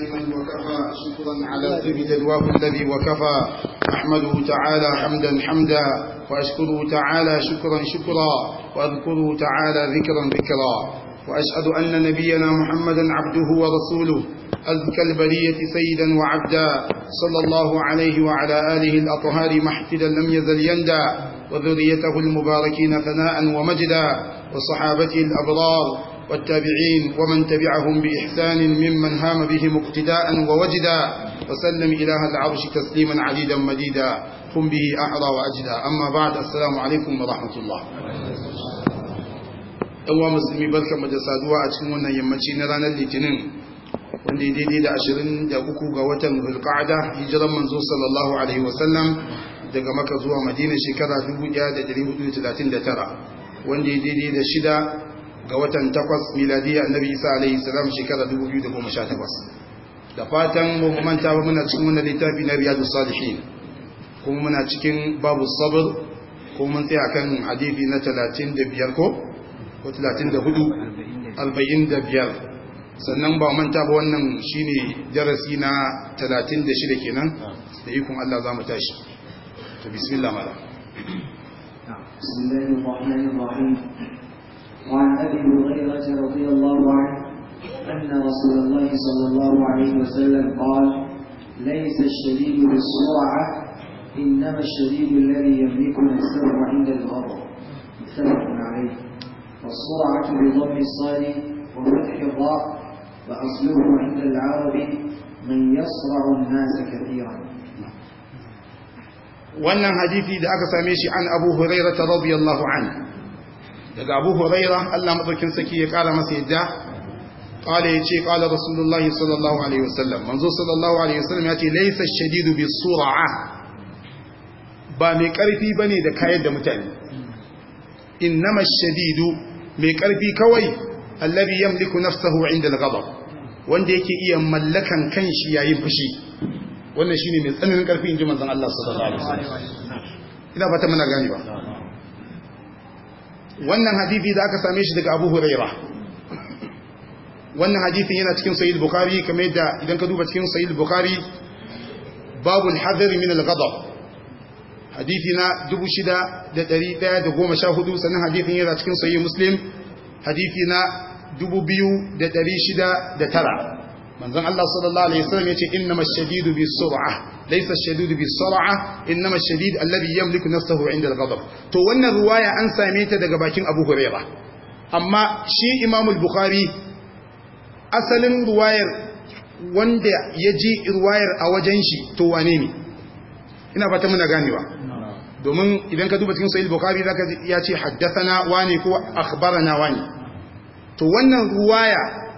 دائما وكفى شكرا على ذي الواف الذي وكفى أحمده تعالى حمدا حمدا وأشكره تعالى شكرا شكرا وأذكره تعالى ذكرا ذكرا وأشهد أن نبينا محمدا عبده ورسوله أذكى البرية سيدا وعبدا صلى الله عليه وعلى آله الأطهار محفدا لم يزل يندى وذريته المباركين ثناء ومجدا وصحابته الأبرار والتابعين ومن تبعهم بإحسان ممن هام بهم اقتداء ووجدا وسلم إله العرش تسليما عديدا مديدا قم به أعرى وأجدا أما بعد السلام عليكم ورحمة الله ɗanwa musulmi barka mu da saduwa a cikin wannan yammaci na ranar litinin wanda ya daidai da 23 ga watan hulƙa'ada hijiran manzo sallallahu alaihi wasallam daga maka zuwa madina shekara 1439 wanda ya daidai da shida ga watan takwas miladiya annabi isa alaihi salam shekara 2018 da fatan mu manta ba muna cikin wannan littafi na riyadus salihin kuma muna cikin babu sabr ko mun tsaya kan hadisi na 35 ko ko 34 45 sannan ba manta ba wannan shine darasi na 36 kenan da ikon Allah za mu tashi to bismillah mala بسم الله الرحمن الرحيم وعن أبي هريرة رضي الله عنه أن رسول الله صلى الله عليه وسلم قال ليس الشديد بالسرعة إنما الشديد الذي يملك نفسه عند الغضب متفق عليه والسرعة بضم الصاد وفتح الراء فأصله عند العرب من يصرع الناس كثيرا wannan hadithi da aka same shi an abu hurairata radiyallahu anhu daga abu huraira Allah madaukin saki ya kara masa yadda ya ce, qala rasulullahi sallallahu alaihi wasallam manzo sallallahu alaihi wasallam ya ce, Laisa shadidu bis-sur'a ba mai karfi bane da kayar da mutane innama ash-shadidu mai karfi kawai alladhi yamliku nafsahu 'inda al-ghadab wanda yake iya mallakan kanshi yayin fushi wannan shine mai tsananin karfi inji manzon Allah sallallahu alaihi wasallam ina fata muna gani ba wannan hadithi da aka same shi daga abu huraira wannan hadithin yana cikin sayid bukari kamar yadda idan ka duba cikin sahih bukhari babul hadari min al da hadithi na 6114 sannan hadithin yana cikin sahih muslim hadithi na 2609 manzon Allah sallallahu alaihi wasallam yace innama ash-shadidu bis-sur'ah laysa ash-shadidu bis-sur'ah innama ash-shadid alladhi yamliku nafsahu 'inda al-ghadab to wannan ruwaya an same ta daga bakin Abu Huraira amma shi Imam al-Bukhari asalin ruwayar wanda ya ji riwayar a wajen shi to wane ne ina fata muna ganewa domin idan ka duba cikin sahih bukhari zaka ya ce haddathana wani ko akhbarana wani to wannan ruwaya.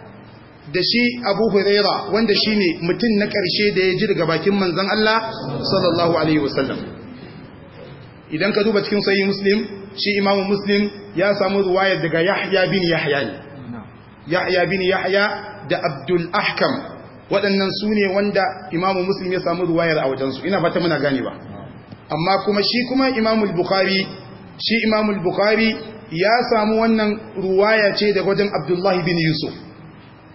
da shi abu huraira wanda shi ne mutum na ƙarshe da ya ji daga bakin manzan Allah sallallahu alaihi wasallam idan ka duba cikin sayi muslim shi imamu muslim ya samu ruwayar daga yahya bin yahya ne yahya bin yahya da abdul ahkam waɗannan su ne wanda imamu muslim ya samu ruwayar a wajensu ina fata muna gane ba amma kuma shi kuma imamul bukhari shi imamul bukhari ya samu wannan ruwaya ce daga wajen abdullahi bin yusuf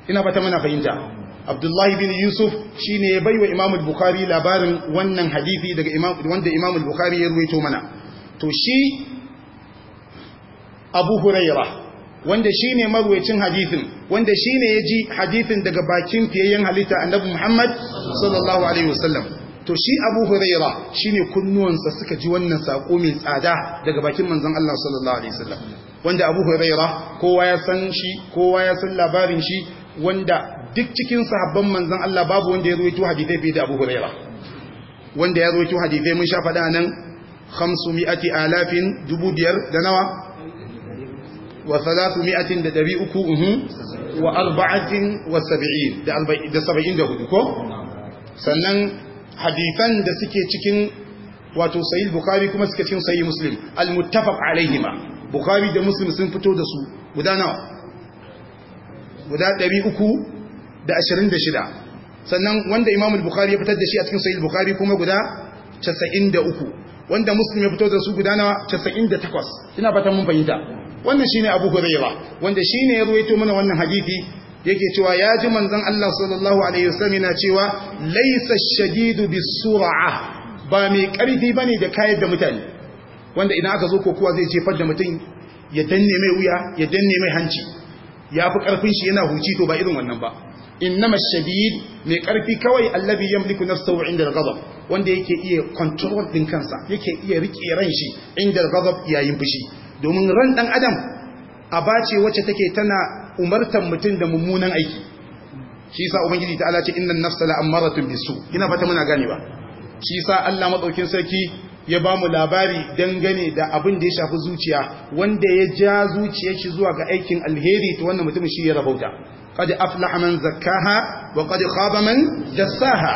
ina fata mana fahimta abdullahi bin yusuf shine ya baiwa imam bukhari labarin wannan hadisi daga imam wanda bukhari ya ruwaito mana to shi abu huraira wanda ne marwayacin hadisin wanda ne ya ji hadithin daga bakin fiyayyen halitta annabi muhammad sallallahu alaihi wasallam to shi abu huraira shine kunnuwansa suka ji wannan sako mai tsada daga bakin manzon Allah sallallahu alaihi wasallam wanda abu huraira kowa ya san shi kowa ya san labarin shi wanda duk cikin sahabban manzan Allah babu wanda ya ruwaito hadisai fiye da Abu Huraira wanda ya ruwaito hadisai mun sha faɗa nan 500 alafin dubu biyar da nawa wa 300 da 300 uhu wa 40 wa 70 da 74 ko sannan hadisan da suke cikin wato sahih bukhari kuma suke cikin sahih muslim al-muttafaq alaihima bukhari da muslim sun fito da su guda nawa guda 326 sannan wanda imam bukhari ya fitar da shi a cikin sahih bukhari kuma guda 93 wanda muslim ya fitar da su guda nawa 98 ina fatan mun fahimta wannan shine abu hurairah wanda shine ya ruwaito mana wannan hadisi yake cewa ya ji manzon Allah sallallahu alaihi wasallam yana cewa laysa ash-shadidu bis-sur'ah ba mai karfi bane da kayar da mutane wanda idan aka zo kuwa zai jefar da mutum ya danne mai wuya ya danne mai hanci ya fi ƙarfin shi yana huci to ba irin wannan ba innama shadid mai karfi kawai allabi yamliku nafsahu inda ghadab wanda yake iya control din kansa yake iya rike ran shi inda al-ghadab yayin fushi domin ran dan adam abace wacce take tana umartan mutum da mummunan aiki shi yasa ubangiji ta ala ce innan nafsa la'amaratun bisu ina fata muna gane ba shi yasa Allah madaukin sarki ya ba mu labari dangane da abin da ya shafi zuciya wanda ya ja zuciya shi zuwa ga aikin alheri ta wannan mutumin shi ya rabauta Kada aflaha man zakkaha wa kada khaba man dassaha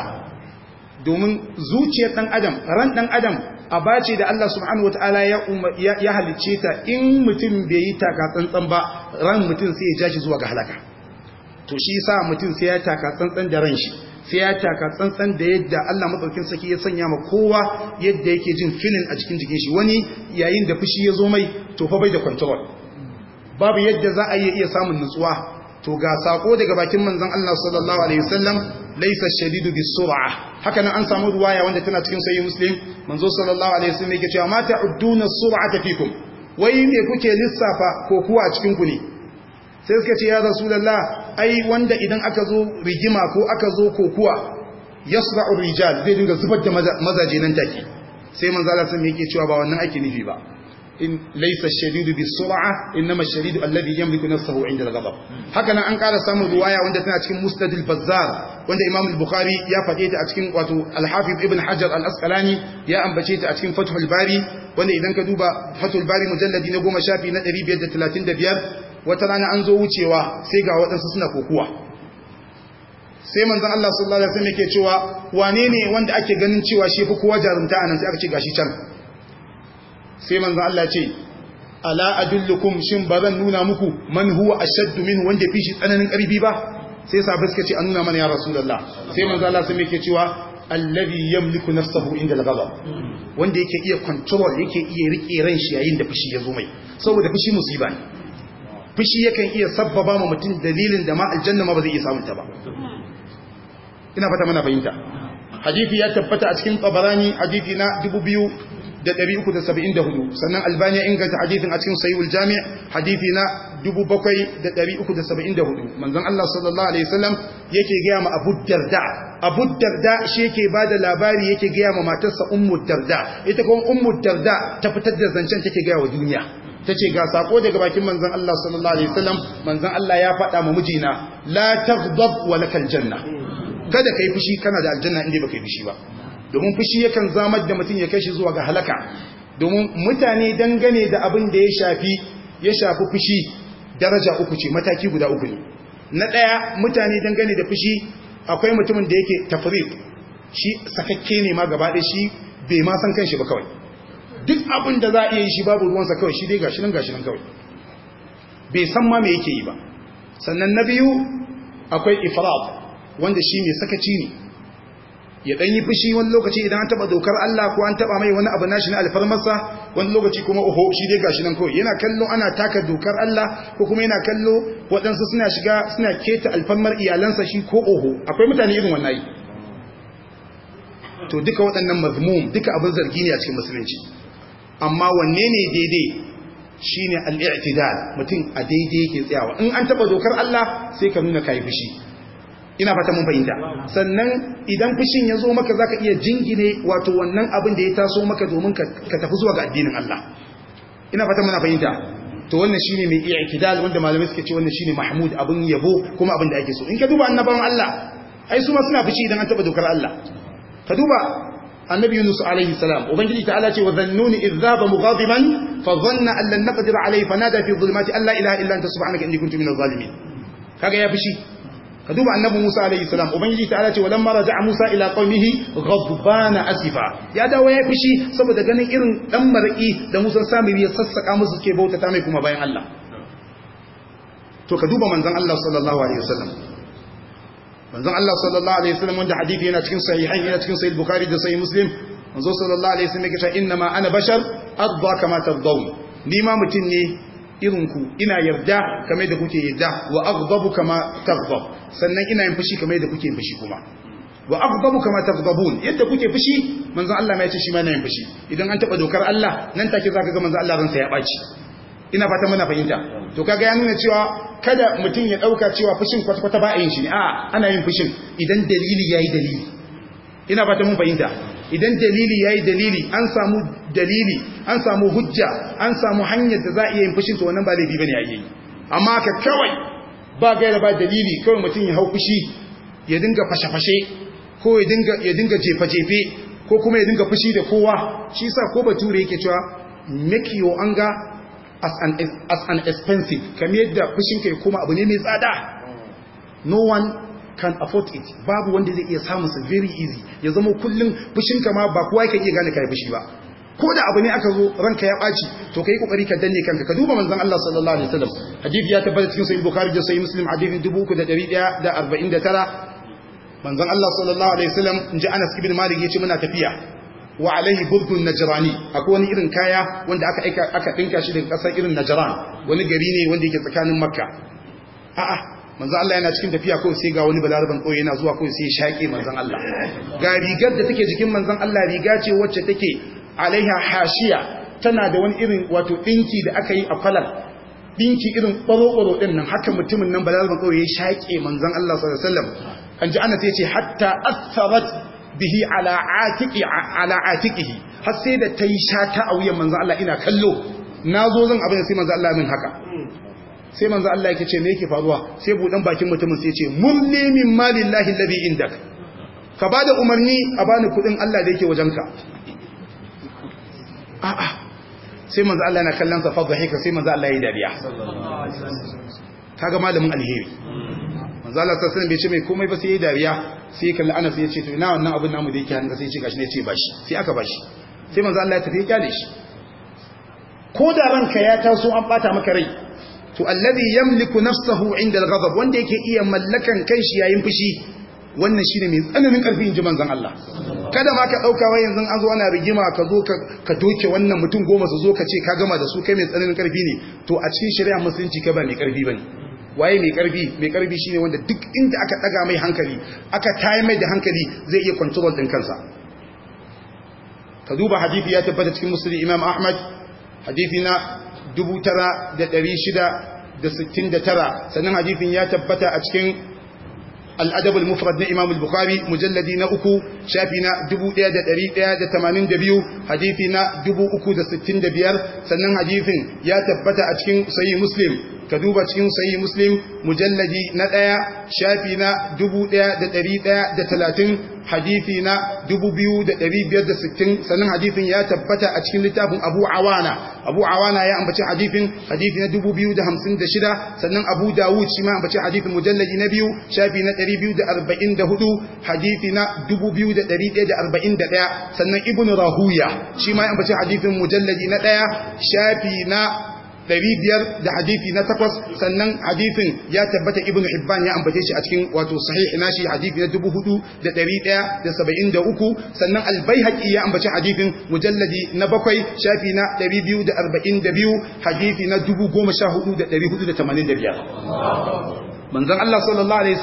domin zuciyar ɗan adam ran dan adam abace da Allah subhanahu wataala ya ya halice ta in mutum bai yi taka tsantsan ba ran mutum sai ya ja shi zuwa ga halaka to shi yasa mutum sai ya taka tsantsan da ran shi sai ya taka tsantsan da yadda Allah matsaukin saki ya sanya ma kowa yadda yake jin filin a cikin jikin shi wani yayin da fushi ya zo mai to fa bai da control babu yadda za a iya samun nutsuwa to ga sako daga bakin manzon Allah sallallahu alaihi wasallam laysa shadidu bisur'a haka nan an samu ruwaya wanda tana cikin sahih muslim manzo sallallahu alaihi wasallam yake cewa mata udduna sur'ata fikum wai me kuke lissafa ko kuwa a cikin ku ne sai suka ce ya rasulallah ai wanda idan aka zo rigima ko aka zo kokuwa yasra'u rijal zai dinga zubar da mazaje nan take sai manzo Allah sun yake cewa ba wannan ake nufi ba in laysa ash-shadidu bis-sur'a innama shadidu alladhi yamliku nafsahu 'inda al-ghadab haka nan an kara samun riwaya wanda tana cikin musnad al-bazzar wanda imam al-bukhari ya faɗe ta a cikin wato al-hafiz ibn hajar al-asqalani ya ambace ta a cikin fathul bari wanda idan ka duba fathul bari mujalladi na 10 shafi na 535 wata rana an zo wucewa sai ga waɗansu suna kokuwa sai manzon Allah sallallahu alaihi wasallam yake cewa wane ne wanda ake ganin cewa shi fi kowa jarumta anan sai aka ce gashi can sai manzon Allah ce ala adullukum shin ba zan nuna muku man huwa ashaddu min wanda fi shi tsananin karfi ba sai sahabbai suka ce an nuna mana ya rasulullah sai manzon Allah sai yake cewa allazi yamliku nafsahu inda al-ghadab wanda yake iya control yake iya rike ran shi yayin da fushi ya zo mai saboda fushi musiba ne fushi yakan iya sabbaba ma mutum dalilin da ma aljanna ma ba zai iya samunta ba ina fata mana fahimta hadisi ya tabbata a cikin tabarani hadisi na 2374 sannan albani ya inganta hadisin a cikin sahihul jami' hadisi na 7374 manzon Allah sallallahu alaihi wasallam yake ga ma Abu Darda Abu Darda shi yake bada labari yake ga ma matarsa Ummu Darda ita kuma Ummu Darda ta fitar da zancen take ga wa duniya ta ce ga sako daga bakin manzan Allah sallallahu alaihi wasallam manzan Allah ya faɗa ma mijina la taghdab wa kan janna kada kai fushi kana da aljanna inda baka yi fushi ba domin fushi yakan zamar da mutum ya kai shi zuwa ga halaka domin mutane dangane da abin da ya shafi ya shafi fushi daraja uku ce mataki guda uku ne na ɗaya mutane dangane da fushi akwai mutumin da yake tafriq shi sakakke ne ma gaba ɗaya shi bai ma san shi ba kawai duk abin da za a iya yi shi babu ruwansa kawai shi dai gashinan gashinan kawai bai san ma mai yake yi ba sannan na biyu akwai ifrat wanda shi mai sakaci ne ya dan yi fushi wani lokaci idan an taba dokar Allah ko an taba mai wani abu nashi na alfarmarsa wani lokaci kuma oho shi dai gashi nan kawai yana kallo ana taka dokar Allah ko kuma yana kallo waɗansu suna shiga suna keta alfarmar iyalansa shi ko oho akwai mutane irin wannan to duka waɗannan mazmum duka abin zargi ne a cikin musulunci amma wanne ne daidai shine al-i'tidal mutum a daidai yake tsayawa in an taba dokar Allah sai ka nuna ka yi fushi ina fata mun fahimta sannan idan fushin ya zo maka za ka iya jingine wato wannan abin da ya taso maka domin ka tafi zuwa ga addinin Allah ina fata muna fahimta to wannan shine mai i'tidal wanda malamai suka ce wannan shine mahmud abin yabo kuma abin da ake so in ka duba annabawan Allah ai su ma suna fushi idan an taba dokar Allah ka duba annabi yunus alayhi salam ubangiji ta'ala ce wa zannuni idh dhaba mughadiban fa dhanna an lan naqdir alaihi fa nada fi dhulumati alla ilaha illa anta subhanaka inni kuntu minaz zalimin kaga ya fishi ka duba annabi musa alayhi salam ubangiji ta'ala ce wa lamma raja'a musa ila qaumihi ghadbana asifa ya dawo ya fishi saboda ganin irin dan mar'i da musa samiri ya sassaka musu ke bauta ta mai kuma bayan Allah to ka duba manzon Allah sallallahu alaihi wasallam manzon Allah sallallahu alaihi wasallam wanda hadisi yana cikin sahihain yana cikin sahih bukhari da sahih muslim manzon sallallahu alaihi wasallam yake cewa inna ma ana bashar adba kama tardawn ni ma mutun ne irin ku ina yarda kamar da kuke yarda wa aghdabu kama taghdab sannan ina yin fushi kamar da kuke yin fushi kuma wa aghdabu kama taghdabun yadda kuke fushi manzon Allah ma ya ce shi ma yana yin fushi idan an taba dokar Allah nan take zaka ga manzon Allah ransa ya baci ina fata muna fahimta to kaga ya nuna cewa kada mutum ya dauka cewa fushin kwata-kwata ba a yin shi ne a ana yin fushin idan dalili yayi dalili ina fata mun fahimta idan dalili yayi dalili an samu dalili an samu hujja an samu hanyar da za a iya yin fushin to wannan ba laifi bane yayi amma ka kawai ba gaira ba dalili kawai mutum ya hau fushi ya dinga fashe-fashe ko ya dinga ya dinga jefa-jefe ko kuma ya dinga fushi da kowa shi yasa ko bature yake cewa make your anger as an, as an expensive kamar yadda fushin ya koma abu ne mai tsada no one can afford it babu wanda zai iya samun su very easy ya zama kullum ka ma ba kowa yake iya gane kai fushi ba ko da abu ne aka zo ranka ya ɓaci to kai kokari ka danne kanka ka duba manzon Allah sallallahu alaihi wasallam hadisi ya tabbata cikin sahih bukhari da sahih muslim hadisi 3149 manzon Allah sallallahu alaihi wasallam inji Anas ibn Malik yace muna tafiya wa alaihi burdun najrani akwai wani irin kaya wanda aka aika aka dinka shi daga kasar irin najran wani gari ne wanda yake tsakanin makka a'a manzo Allah yana cikin tafiya ko sai ga wani balaraban koyi yana zuwa ko sai shaƙe manzo Allah ga rigar da take jikin manzo Allah riga ce wacce take alaiha hashiya tana da wani irin wato dinki da aka yi a kwalar dinki irin ɓaro-ɓaro din nan haka mutumin nan balaraban koyi ya shaƙe manzon Allah sallallahu alaihi wasallam an ji ana ta yace hatta asarat bihi ala atiqi har sai da tayi shata a wuyan manzo Allah ina kallo nazo zan abin sai manzo Allah min haka sai manzo Allah yake ce me yake faruwa sai budan bakin mutumin sai ce mulli min lahi alladhi da ka ba da umarni a bani kuɗin Allah da yake wajenka a'a sai manzo Allah yana kallon sa fadhahika sai manzo Allah yi dariya ga malamin alheri manzala ta sanin bai ce mai komai ba sai ya dariya sai ya kalli anas ya ce to ina wannan abin namu da yake hannu sai ya ce gashi ne ya ce bashi sai aka bashi sai manzo Allah ya tafi ya kyale shi ko da ranka ya taso an bata maka rai to alladhi yamliku nafsahu inda al-ghadab wanda yake iya mallakan kanshi yayin fushi wannan shine mai tsananin karfi inji manzon Allah kada ma ka dauka wai yanzu an zo ana rigima ka zo ka doke wannan mutum goma su zo ka ce ka gama da su kai mai tsananin karfi ne to a cikin shari'a musulunci ka ba mai karfi bane waye mai karfi mai karfi shine wanda duk inda aka daga mai hankali aka tayi mai da hankali zai iya control din kansa ka duba hadisi ya tabbata cikin muslim imam ahmad hadisi na 9669 sannan hadisin ya tabbata a cikin al-adab al-mufrad na imam al-bukhari mujalladi na uku shafi na 1182 hadisi na 365 sannan hadisin ya tabbata a cikin sahih muslim ka duba cikin sayi muslim mujalladi na ɗaya shafi na 1130 hadithi na 2560 sannan hadithin ya tabbata a cikin littafin abu awana abu awana ya ambaci hadithin hadithi na 2056 sannan abu dawud shi ma ambaci hadithin mujalladi na biyu shafi na 244 hadithi na 2141 sannan ibn rahuya shi ma ya ambaci hadithin mujalladi na ɗaya shafi na 500 da hadisi na takwas sannan hadisin ya tabbatar ibnu Ibban ya ambace shi a cikin wato sahih nashi hadisi na 4173 sannan al-baihaqi ya ambace hadisin mujalladi na bakwai shafi na 242 hadisi na 14485 manzon Allah sallallahu alaihi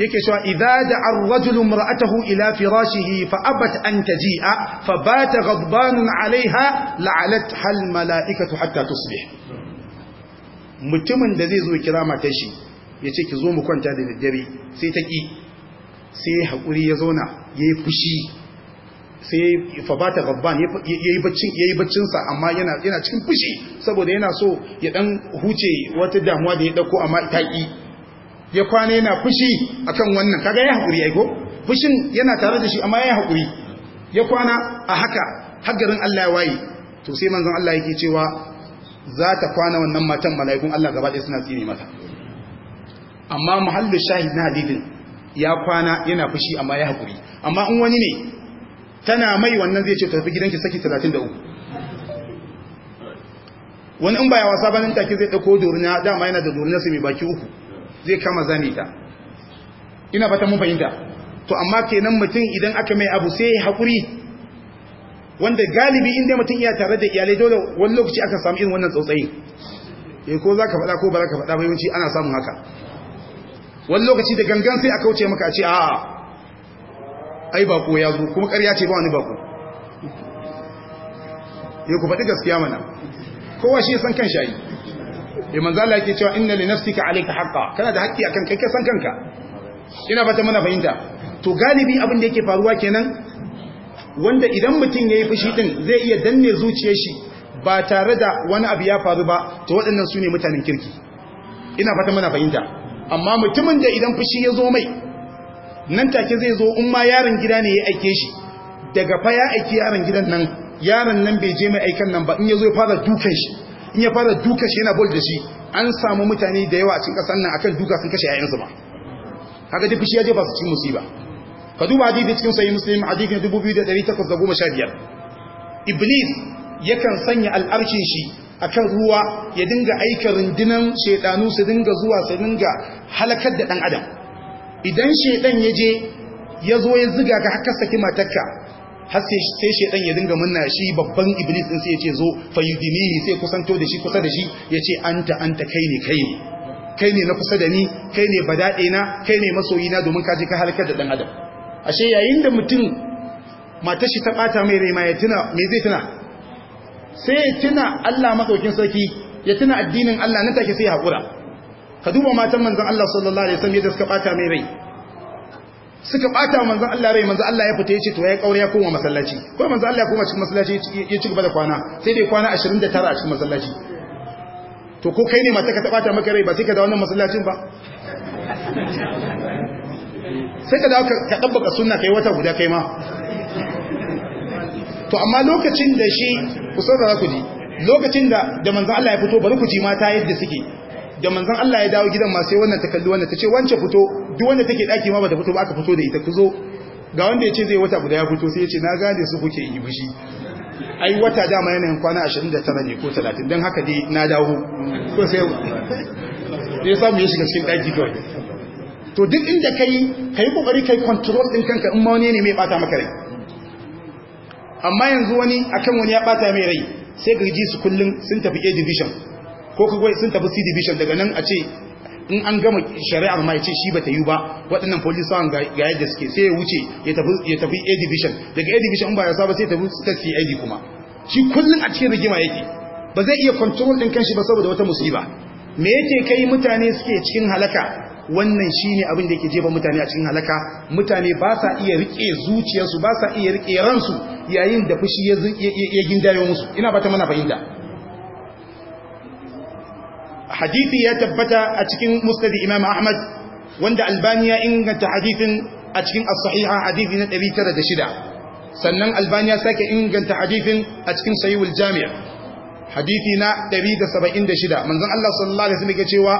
yake cewa idza da'a ar-rajulu imra'atahu ila firashihi fa abat an taji'a fa bata ghadbanun 'alayha la'alat hal mala'ikatu hatta tusbih mutumin da zai zo kira matar shi yace ki zo mu kwanta da daddare sai ta ki sai hakuri ya zauna yayi fushi sai fa bata ghadban yayi baccin yayi baccin sa amma yana yana cikin fushi saboda yana so ya dan huce wata damuwa da ya dauko amma ta ki ya kwana yana fushi akan wannan kaga ya haƙuri aiko fushin yana tare da shi amma ya haƙuri ya kwana a haka haggarin Allah ya waye to sai manzon Allah yake cewa za ta kwana wannan matan mala'ikun Allah gaba ɗaya suna tsine mata amma muhallin shahid na hadidin ya kwana yana fushi amma ya haƙuri amma in wani ne tana mai wannan zai ce tafi gidanki saki 33 wani in ba ya wasa banin take zai dauko dorina dama yana da dorina su mai baki uku zai kama zane ta ina fata mun fahimta to amma kenan mutum idan aka mai abu sai haƙuri wanda galibi inda mutum iya tare da iyalai dole wani lokaci aka samu irin wannan tsautsayi eh ko zaka faɗa ko ba zaka faɗa ba yawanci ana samun haka wani lokaci da gangan sai aka wuce maka a ce a'a ai bako ya zo kuma ƙarya ce ba wani bako eh ku faɗi gaskiya mana kowa shi san kan shayi da eh, manzo Allah yake cewa inna li ka alayka haqqa kana da haƙƙi akan kai kai san kanka ina fata muna fahimta to galibi abin da yake faruwa kenan wanda idan mutum yayi fushi din zai iya danne zuciyar shi ba tare da wani abu ya faru ba to waɗannan su ne mutanen kirki ina fata muna fahimta amma mutumin da idan fushi ya zo mai nan take zai zo in ma yaron gida ne ya aike shi daga fa ya aiki yaron gidan nan yaron nan bai je mai aikan nan ba in ya zo ya fara dukan shi in ya fara duka shi yana bol da shi an samu mutane da yawa a cikin ƙasar nan akan duka sun kashe yayansu ba haka duk shi ya jefa su cikin musiba ka duba hadisi cikin sahih muslim hadisi na 2815 iblis yakan sanya al'arshin shi akan ruwa ya dinga aika rundunan shedanu su dinga zuwa su dinga halakar da dan adam idan shedan ya je ya zo ya ziga ga haka saki Mataka. har sai shedan ya dinga munna shi babban iblis din sai ya ce zo fayudinihi sai kusanto da shi kusa da shi ya ce anta anta kai ne kai ne kai ne na kusa da ni kai ne badade na kai ne masoyi na domin kaje ka halakar da dan adam ashe yayin da mutum matar shi ta bata mai rai ma ya tuna me zai tuna sai ya tuna Allah madaukin sarki ya tuna addinin Allah nan take sai ya hakura ka duba matan manzon Allah sallallahu alaihi wasallam yadda suka bata mai rai suka bata manzan Allah rai manzan Allah ya fita ya ce to ya kaure ya koma masallaci ko manzan Allah ya koma cikin masallaci ya ci gaba da kwana sai dai kwana 29 a cikin masallaci to ko kai ne mata ka tabata maka rai ba sai ka da wannan masallacin ba sai ka dawo ka dabbaka sunna kai wata guda kai ma to amma lokacin da shi ku saurara ku ji lokacin da da manzan Allah ya fito bari ku ji mata yadda suke da manzon Allah ya dawo gidan ma sai wannan ta kalli wannan ta ce wance fito duk wanda take daki ma bata fito ba aka fito da ita ku zo ga wanda ya ce zai wata guda ya fito sai ya ce na gane su kuke yi bishi ai wata dama yanayin kwana 29 ne ko 30 don haka dai na dawo ko sai ya samu ya shiga cikin daki kawai to duk inda kai kai kokari kai control din kanka in ma wani ne mai bata maka rai amma yanzu wani akan wani ya bata mai rai sai girji su kullum sun tafi a division ko kawai sun tafi cd bishop daga nan a ce in an gama shari'ar ma ya ce shi ba ta yi ba waɗannan polisawan ga yadda suke sai ya wuce ya tafi a division daga a division in ba ya saba sai tafi ta cid kuma shi kullum a cikin rigima yake ba zai iya control ɗin kanshi ba saboda wata musiba me yake kai mutane suke cikin halaka wannan shi ne abin da yake jefa mutane a cikin halaka mutane ba sa iya rike zuciyarsu ba sa iya rike ransu yayin da fushi ya gindayo musu ina ba ta mana fahimta hadithi ya tabbata a cikin musnad imam ahmad wanda Albaniya inganta hadithin a cikin as-sahiha hadithi na 906 sannan Albaniya sake inganta hadithin a cikin sahihul jami' hadithi na 176 manzon Allah sallallahu alaihi wasallam yake cewa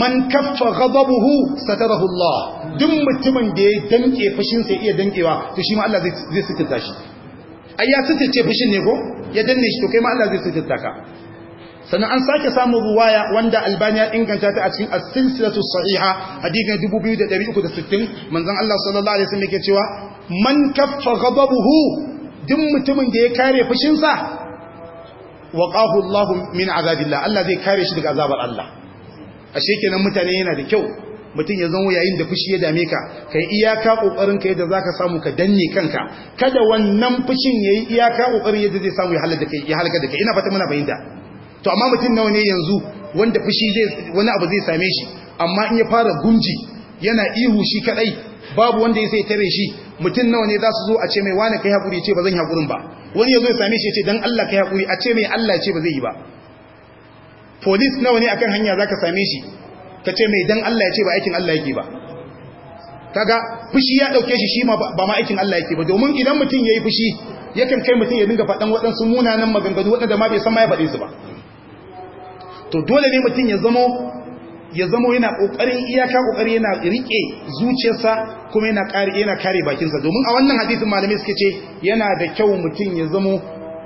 man kaffa ghadabuhu satarahu Allah duk mutumin da ya danke fushin sai iya dankewa to shi ma Allah zai zai sitirta shi ayya ya ce fushin ne ko ya danne shi to kai ma Allah zai sitirta ka sannan an sake samun ruwaya wanda albani ya inganta ta a cikin as-silsilatu sahiha hadisin 2360 manzon Allah sallallahu alaihi wasallam yake cewa man kaffa ghadabuhu duk mutumin da ya kare fushinsa waqahu Allah min azabillah Allah zai kare shi daga azabar Allah ashe kenan mutane yana da kyau mutum ya zama yayin da fushi ya dame ka ka yi iyaka kokarin ka yadda zaka samu ka danne kanka kada wannan fushin yayi iyaka kokarin yadda zai samu ya halaka da kai ya halaka da kai ina fata muna fahimta to amma mutum nawa ne yanzu wanda fushi zai wani abu zai same shi amma in ya fara gunji yana ihu shi kadai babu wanda ya sai tare shi mutum nawa ne za su zo a ce mai wani kai hakuri ce ba zan hakurin ba wani ya zo ya same shi ya ce dan Allah kai hakuri a ce mai Allah ce ba zai yi ba police nawa ne akan hanya zaka same shi ka ce mai dan Allah ya ce ba aikin Allah yake ba kaga fushi ya dauke shi shi ma ba ma aikin Allah yake ba domin idan mutum yayi fushi yakan kai mutum ya dinga faɗan waɗansu munanan maganganu waɗanda ma bai san ma ya faɗe su ba to dole ne mutum ya zamo ya zamo yana kokarin iyaka kokari yana rike zuciyarsa kuma yana kare yana kare bakinsa domin a wannan hadisin malamai suke ce yana da kyau mutum ya zamo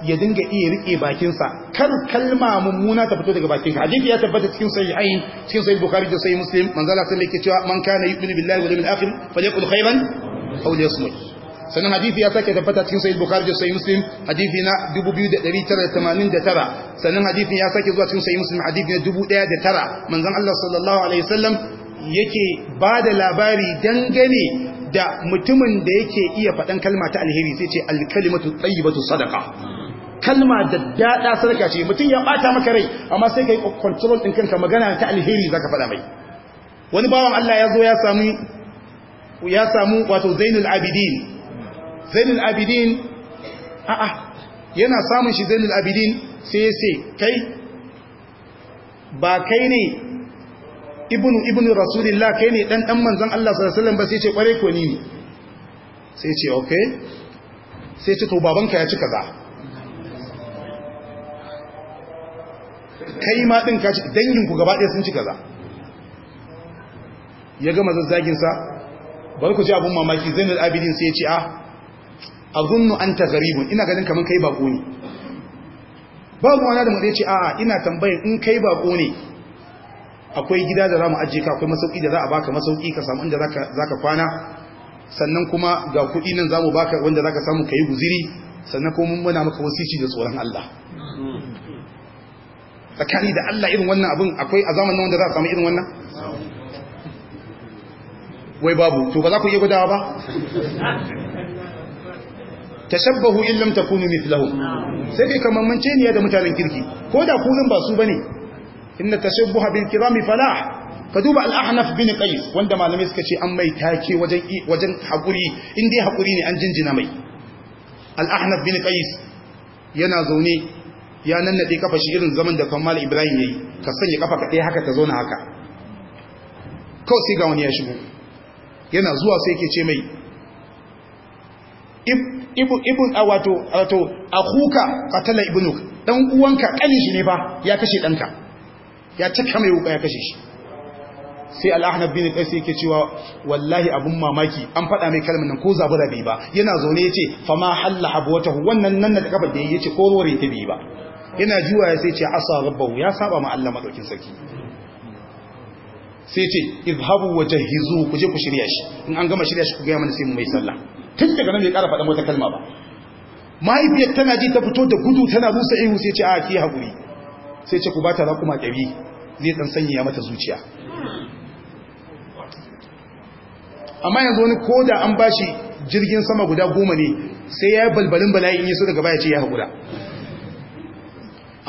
ya dinga iya rike bakinsa kar kalma mummuna ta fito daga bakinka hadisi ya tabbata cikin sahihain cikin sahih bukhari da sahih muslim manzala sallallahu alaihi wasallam yake cewa man kana yu'minu billahi wal yawmil akhir falyaqul khairan aw liyasmut sannan hadithi ya sake tabbata cikin sahih bukhari da sahih muslim hadithi na 2989 sannan hadithi ya sake zuwa cikin sahih muslim hadithi na 1009 manzon Allah sallallahu alaihi wasallam yake bada labari dangane da mutumin da yake iya fadan kalma ta alheri sai ce alkalimatu tayyibatu sadaqa kalma da dada sadaka ce mutum ya bata maka rai amma sai kai control din kanka magana ta alheri zaka faɗa mai wani bawan Allah ya zo ya samu ya samu wato Zainul Abidin zainul abidin a'a yana samun shi zainul abidin sai ya ce kai ba kai ne ibnu ibnu rasulillah kai ne dan dan manzon Allah sallallahu alaihi wasallam ba sai ce kware ko ni ne sai ce okay sai ce to babanka ya ci kaza kai ma din ka ci dangin ku gaba ɗaya sun ci kaza ya gama zazzagin sa bar ku ji abun mamaki zainul abidin sai ya ce ah azunnu anta gharibun ina ganin kaman kai bako ne babu wani da mutai ce a'a ina tambayin in kai bako ne akwai gida da zamu ajiye ka akwai masauki da za a baka masauki ka samu inda zaka zaka kwana sannan kuma ga kuɗi nan zamu baka wanda zaka samu kai guziri sannan kuma muna maka wasici da tsoron Allah tsakani da Allah irin wannan abin akwai a zamanin wanda za a samu irin wannan wai babu to ba za ku iya gudawa ba tashabbahu in lam takunu mithlahum sai dai kaman mun ne da mutanen kirki ko da ku ba su bane inna tashabbuha bil kirami falah ka duba al-ahnaf bin qais wanda malamai suka ce an mai take wajen wajen hakuri in dai hakuri ne an jinjina mai al-ahnaf bin qais yana zaune ya nannade kafa shi irin zaman da kamal ibrahim yayi ka sanya kafa ka dai haka ta zauna haka kawai sai ga wani ya shigo yana zuwa sai yake ce mai ibn uh, wato wato akuka katala Ibnu dan uwanka kanin shi ne fa ya kashe danka ya cika mai wuka ya kashe shi sai al-ahnab bin qais yake cewa wallahi abun mamaki an faɗa mai kalmar nan ko zabura bai ba yana zaune yace fama halla habwatahu wannan nan da kafa da yace ko rore ta bai ba yana ya sai ce asa rabbahu ya saba ma Allah madaukin sarki sai ce izhabu wa jahizu ku je ku shirya shi in an gama shirya shi ku ga mana sai mu mai sallah tun daga nan bai ƙara faɗa wata kalma ba mahaifiyar tana ji ta fito da gudu tana rusa ihu sai ce a ki haƙuri sai ce ku ba ta za kuma ƙari zai ɗan sanya mata zuciya amma yanzu wani ko da an bashi jirgin sama guda goma ne sai ya yi balbalin bala'in yi su daga baya ce ya haƙura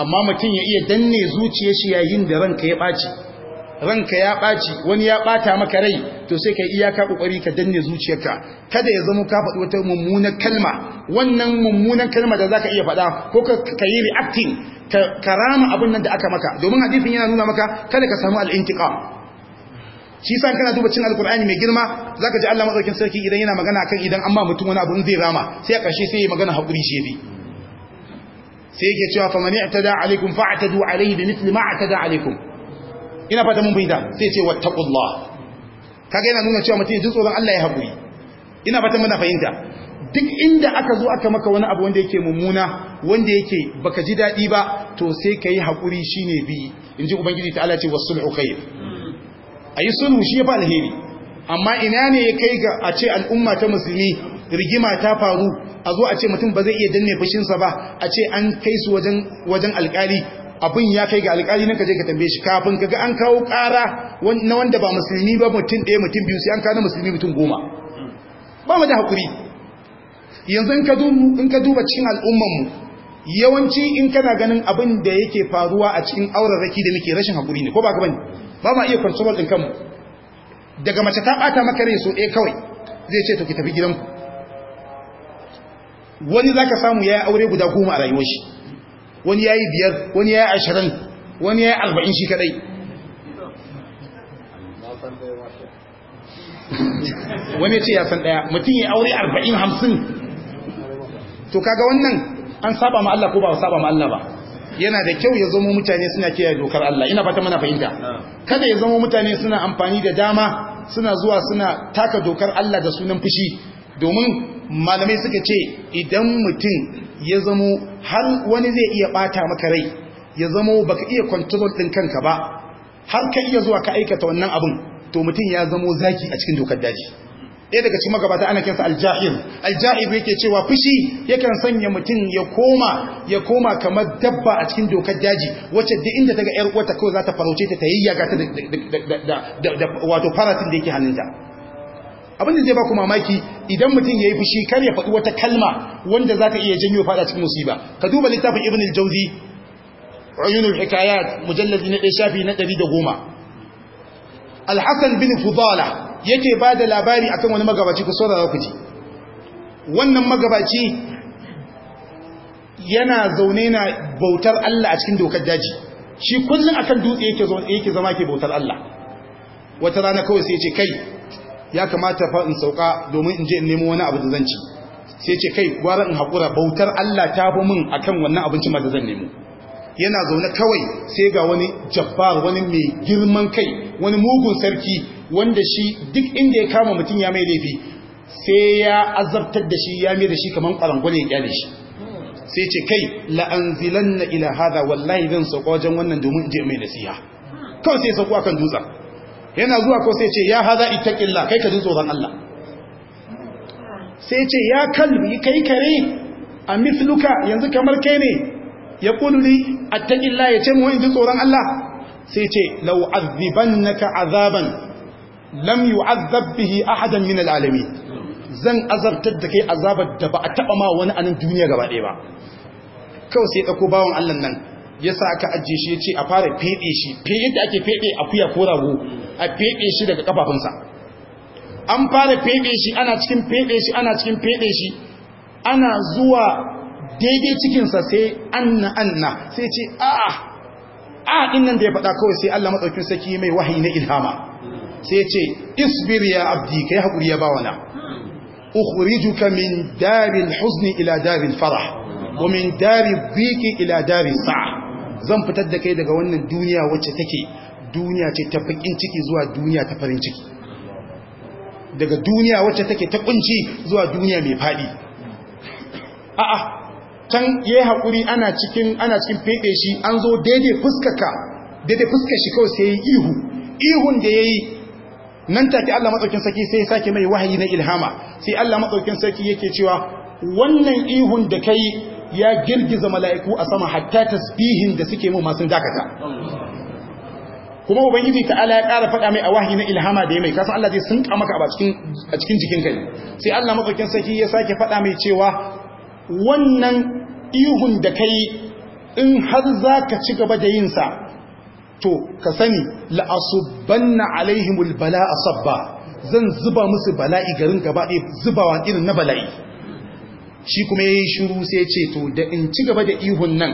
amma mutum ya iya danne zuciya shi yayin da ranka ya ɓaci ranka ya ɓaci wani ya ɓata maka rai to sai ka iyaka ƙoƙari ka danne zuciyarka kada ya zama ka faɗi wata mummunan kalma wannan mummunan kalma da za ka iya faɗa ko ka yi reacting ka rama abin nan da aka maka domin hadisin yana nuna maka kada ka samu al'intiƙam shi sa kana duba cin alƙur'ani mai girma zaka ji Allah madaukin sarki idan yana magana kan idan an ma mutum wani abu zai rama sai a karshe sai ya magana haƙuri shi bi sai yake cewa faman i'tada alaikum fa'tadu alayhi bi mithli ma atada alaikum ina fata mun bayyana sai ce wattaqullah kaga yana nuna cewa mutum jin tsoron Allah ya haƙuri ina fata muna fahimta duk inda aka zo aka maka wani abu wanda yake mummuna wanda yake baka ji daɗi ba to sai ka yi haƙuri shi ne in ji ubangiji ta alace wasu sulhu khair a yi sulhu shi ya fa alheri amma ina ne ya kai ga a ce al'umma ta musulmi rigima ta faru a zo a ce mutum ba zai iya danne fushinsa ba a ce an kai su wajen alƙali abin ya kai ga alƙali nan ka je ka tambaye shi kafin kaga an kawo ƙara na wanda ba musulmi ba mutum ɗaya mutum biyu sai an kawo musulmi mutum goma ba mu da hakuri yanzu in ka duba cikin al'umman mu yawanci in kana ganin abin da yake faruwa a cikin auraraki da muke rashin hakuri ne ko ba ka bane ba ma iya control din kanmu daga mace ta bata maka rai so ɗaya kawai zai ce to ki tafi gidanku wani zaka samu yayi aure guda goma a rayuwar shi wani ya yi biyar wani ya yi ashirin wani ya yi arba'in shi kadai wani ya ce ya san daya mutum ya aure arba'in hamsin to kaga wannan an saba ma Allah ko ba saba ma Allah ba yana da kyau ya zama mutane suna kiyaye dokar Allah ina fata mana fahimta kada ya zama mutane suna amfani da dama suna zuwa suna taka dokar Allah da sunan fushi domin malamai suka ce idan mutum ya zamo har wani zai iya bata maka rai ya zamo baka iya control din kanka ba har ka iya zuwa ka aikata wannan abin to mutum ya zamo zaki a cikin dokar daji ɗaya daga cikin magabata ana kinsa aljahil aljahir yake cewa fushi yakan sanya mutum ya koma ya koma kamar dabba a cikin dokar daji wacce duk inda daga ga yar uwarta kawai za ta farauce ta ta yayyaga ta da wato faratin da yake hannunta abin da zai ba ku mamaki idan mutum ya yi fushi kar ya faɗi wata kalma wanda za ka iya janyo fada cikin musiba ka duba littafin ibn al-jawzi uyunul hikayat mujallad na ɗaya shafi na ɗari da goma Alhassan bin fudala yake ba da labari akan wani magabaci ku saurara ku ji wannan magabaci yana zaune na bautar Allah a cikin dokar daji shi kullum akan dutse yake zama ke bautar Allah wata rana kawai sai ce kai ya kamata fa in sauka domin in je in nemo wani abu da zan ci sai ce kai gwara in hakura bautar Allah ta fi min akan wannan abincin ma da zan nemo yana zaune kawai sai ga wani jabbar wani mai girman kai wani mugun sarki wanda shi duk inda ya kama mutum ya mai laifi sai ya azabtar da shi ya mai da shi kamar kwarangwale ya kyale shi sai ce kai la'anzilanna ila hada wallahi zan sauka wajen wannan domin in je mai nasiha kawai sai sauko akan dutsen yana zuwa ko sai ce ya haza ittaqilla kai ka ji tsoron Allah sai ce ya kalbi kai kare a misluka yanzu kamar kai ne ya qulu li attaqilla ya ce mu in ji tsoron Allah sai ce law azibannaka azaban lam yu'azzab bihi ahadan min zan azabtar da kai azabar da ba a taba ma wani anan duniya gaba ɗaya ba kawai sai ya bawon Allah nan ya sa aka ajiye shi ya ce a fara feɗe shi yadda ake feɗe akuya ko rago a feɗe shi daga kafafunsa an fara feɗe shi ana cikin feɗe shi ana cikin feɗe shi ana zuwa daidai cikinsa sai anna anna sai ce a'a a nan da ya faɗa kawai sai Allah matsaukin saki mai wahayi na ilhama sai ce isbir ya abdi yi hakuri ya bawana ukhrijuka min daril huzni ila daril farah ومن دار الضيق إلى دار السعة zan fitar da kai daga wannan duniya wacce take duniya ce ta bakin ciki zuwa duniya ta farin ciki daga duniya wacce take ta kunci zuwa duniya mai fadi a'a can yayi hakuri ana cikin ana cikin fede shi an zo daidai fuskarka daidai fuskar shi kawai sai ihu ihun da yayi nan take Allah madaukin sarki sai ya sake mai wahayi na ilhama sai Allah madaukin sarki yake cewa wannan ihun da kai ya girgiza mala'iku a sama hatta tasbihin da suke mu masu dakata kuma ubangiji ta ala ya ƙara faɗa mai a wahayi na ilhama da ya mai kasan Allah zai sun maka a cikin jikin kai sai Allah mafakin saki ya sake faɗa mai cewa wannan ihun da kai in har za ka ci gaba da yinsa to ka sani la'asubbanna alaihimul bala'a sabba zan zuba musu bala'i garin gaba ɗaya zubawa irin na bala'i shi kuma ya yi shuru sai ce to da in ci gaba da ihun nan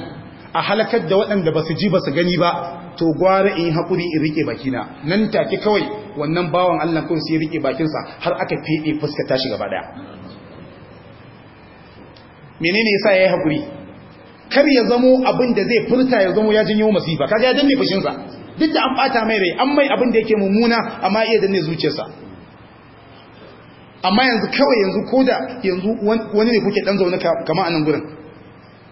a halakar da waɗanda ba su ji ba su gani ba to gwara in haƙuri in riƙe bakina nan take kawai wannan bawan Allah kun sai rike bakinsa har aka fede fuska tashi gaba daya menene ya yi haƙuri kar ya zamo abin da zai furta ya zamo ya janyo masifa kaga ya danne fushinsa duk da an ɓata mai rai an mai abin da yake mummuna amma iya danne zuciyarsa amma yanzu kawai yanzu ko da yanzu wani ne kuke dan zaune kama a nan gurin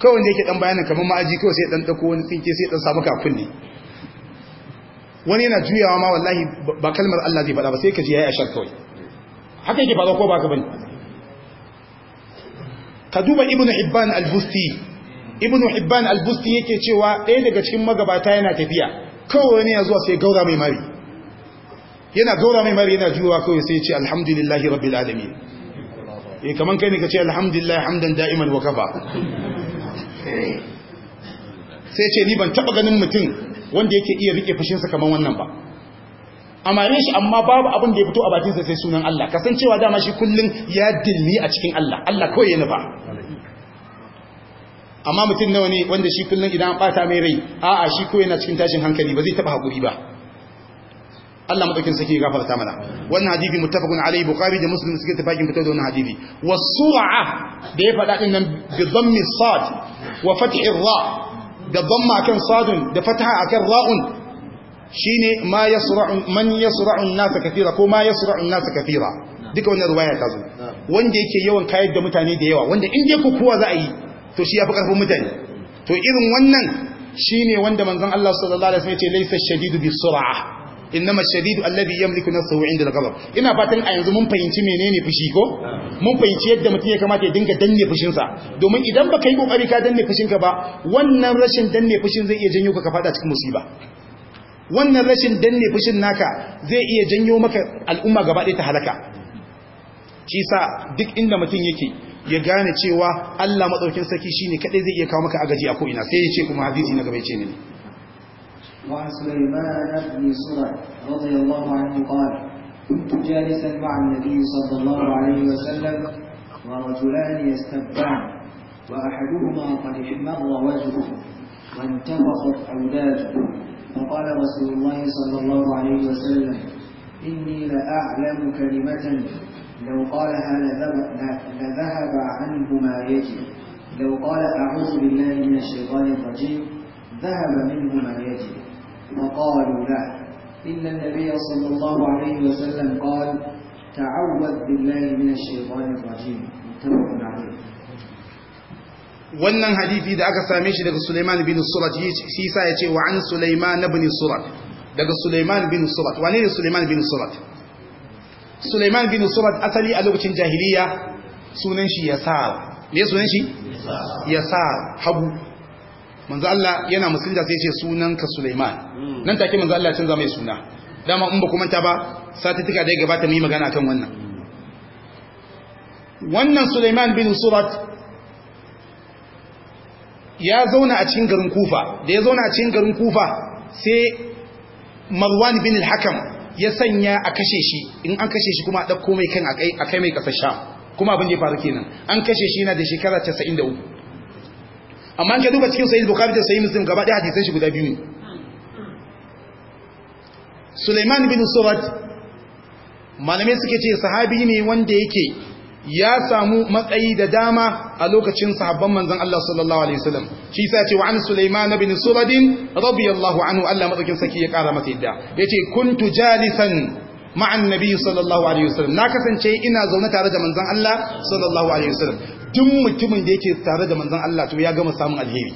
kawai wanda yake dan bayanin kamar ma'aji kawai sai dan dako wani tsinke sai dan samu kafin ne wani yana juyawa ma wallahi ba kalmar Allah zai faɗa ba sai ka ji yayi ashar kawai haka yake faɗa ko ba ka bane ka duba ibnu hibban al-busti ibnu hibban al-busti yake cewa ɗaya daga cikin magabata yana tafiya kawai wani ya zuwa sai gaura mai mari yana dora mai mari yana juwa kawai sai ce alhamdulillahi rabbil alamin eh kaman kai ne kace alhamdulillah hamdan da'iman wa kafa sai ce ni ban taba ganin mutum wanda yake iya rike fushin sa kaman wannan ba amare shi amma babu abin da ya fito a bakin sa sai sunan Allah kasancewa dama shi kullun ya dilli a cikin Allah Allah kawai yana ba. amma mutum nawa ne wanda shi kullun idan an bata mai rai a'a shi kawai yana cikin tashin hankali ba zai taba hakuri ba Allah madaukin sarki gafarta mana wannan hadisi muttafaqun alayhi bukhari da muslim suke tafakin fitar da wannan hadisi wasu'a da ya faɗa din nan bi dhammi sad wa fathi ra da dhamma kan sadun da fataha akan ra'un shine ma yasra'u man yasra'u an-nas kathira ko ma yasra'u an-nas kathira duka wannan ruwaya ta zo wanda yake yawan kayar da mutane da yawa wanda in je ku kuwa za a yi to shi yafi karfin mutane to irin wannan shine wanda manzon Allah sallallahu alaihi wasallam ya ce laysa shadidu bi sur'ah innama shadidu alladhi yamliku nafsuhu inda al-ghadab ina fatan a yanzu mun fahimci menene fushi ko mun fahimci yadda mutum ya kamata ya dinga danne fushin sa domin idan baka yi kokari ka danne fushin ka ba wannan rashin danne fushin zai iya janyo ka ka fada cikin musiba wannan rashin danne fushin naka zai iya janyo maka al'umma gaba ɗaya ta halaka shi sa duk inda mutum yake ya gane cewa Allah matsaukin sarki shine kadai zai iya kawo maka agaji a ko ina sai ya ce kuma hadisi na gaba ya ce ne وعن سليمان بن سرع رضي الله عنه قال كنت جالسا مع النبي صلى الله عليه وسلم ورجلان يستبعان وأحدهما قد احمر وجهه وانتفخت اولاده فقال رسول الله صلى الله عليه وسلم إني لأعلم كلمة لو قالها لذهب عنه ما يجب لو قال أعوذ بالله من الشيطان الرجيم ذهب منه ما يجب وقالوا له إن النبي صلى الله عليه وسلم قال تعوذ بالله من الشيطان الرجيم متفق عليه wannan hadisi da aka same shi daga Suleiman bin Surat shi sa ce wa an Sulaiman bin Surat daga Suleiman bin Surat wane ne Suleiman bin Surat Suleiman bin Surat asali a lokacin jahiliya sunan shi Yasar sa sunan shi Yasar habu manzo Allah yana musulunta sai ya ce sunanka Sulaiman hmm. nan take manzo Allah canza mai suna dama in ba ku manta ba sati da ya gabata mu yi magana akan wannan wannan Sulaiman bin Surat ya zauna a cikin garin Kufa da ya zauna a cikin garin Kufa sai Marwan bin al-Hakam ya sanya a kashe shi in an kashe shi kuma a dauko mai kan a kai mai kasar sha kuma abin da ya faru kenan an kashe shi yana da shekara 93 amma ka duba cikin sahih bukhari da sahih muslim gaba ɗaya hadisan shi guda biyu ne Suleiman bin Surat malamai suke ce sahabi ne wanda yake ya samu matsayi da dama a lokacin sahabban manzan Allah sallallahu alaihi wasallam shi sa ce wa an Sulaiman bin Surat radiyallahu anhu Allah madaukin saki ya kara masa yadda yace kuntu jalisan ma'an nabi sallallahu alaihi wasallam na kasance ina zaune tare da manzan Allah sallallahu alaihi wasallam duk mutumin da yake tare da manzon Allah to ya gama samun alheri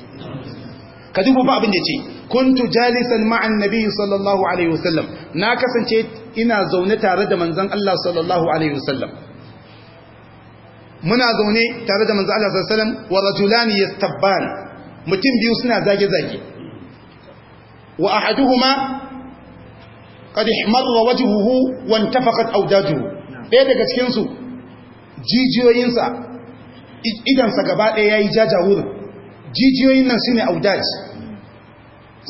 ka duba ba abin da ce kuntu jalisan ma'an nabi sallallahu alaihi wasallam na kasance ina zaune tare da manzon Allah sallallahu alaihi wasallam muna zaune tare da manzon Allah sallallahu alaihi wasallam wa rajulani yastabban mutum biyu suna zage zage wa ahaduhuma qad ihmarra wajhuhu wa intafaqat awdajuhu ɗaya daga cikin su jijiyoyinsa idansa gaba ɗaya ya yi jaja wurin. jijiyoyin nan su ne audaj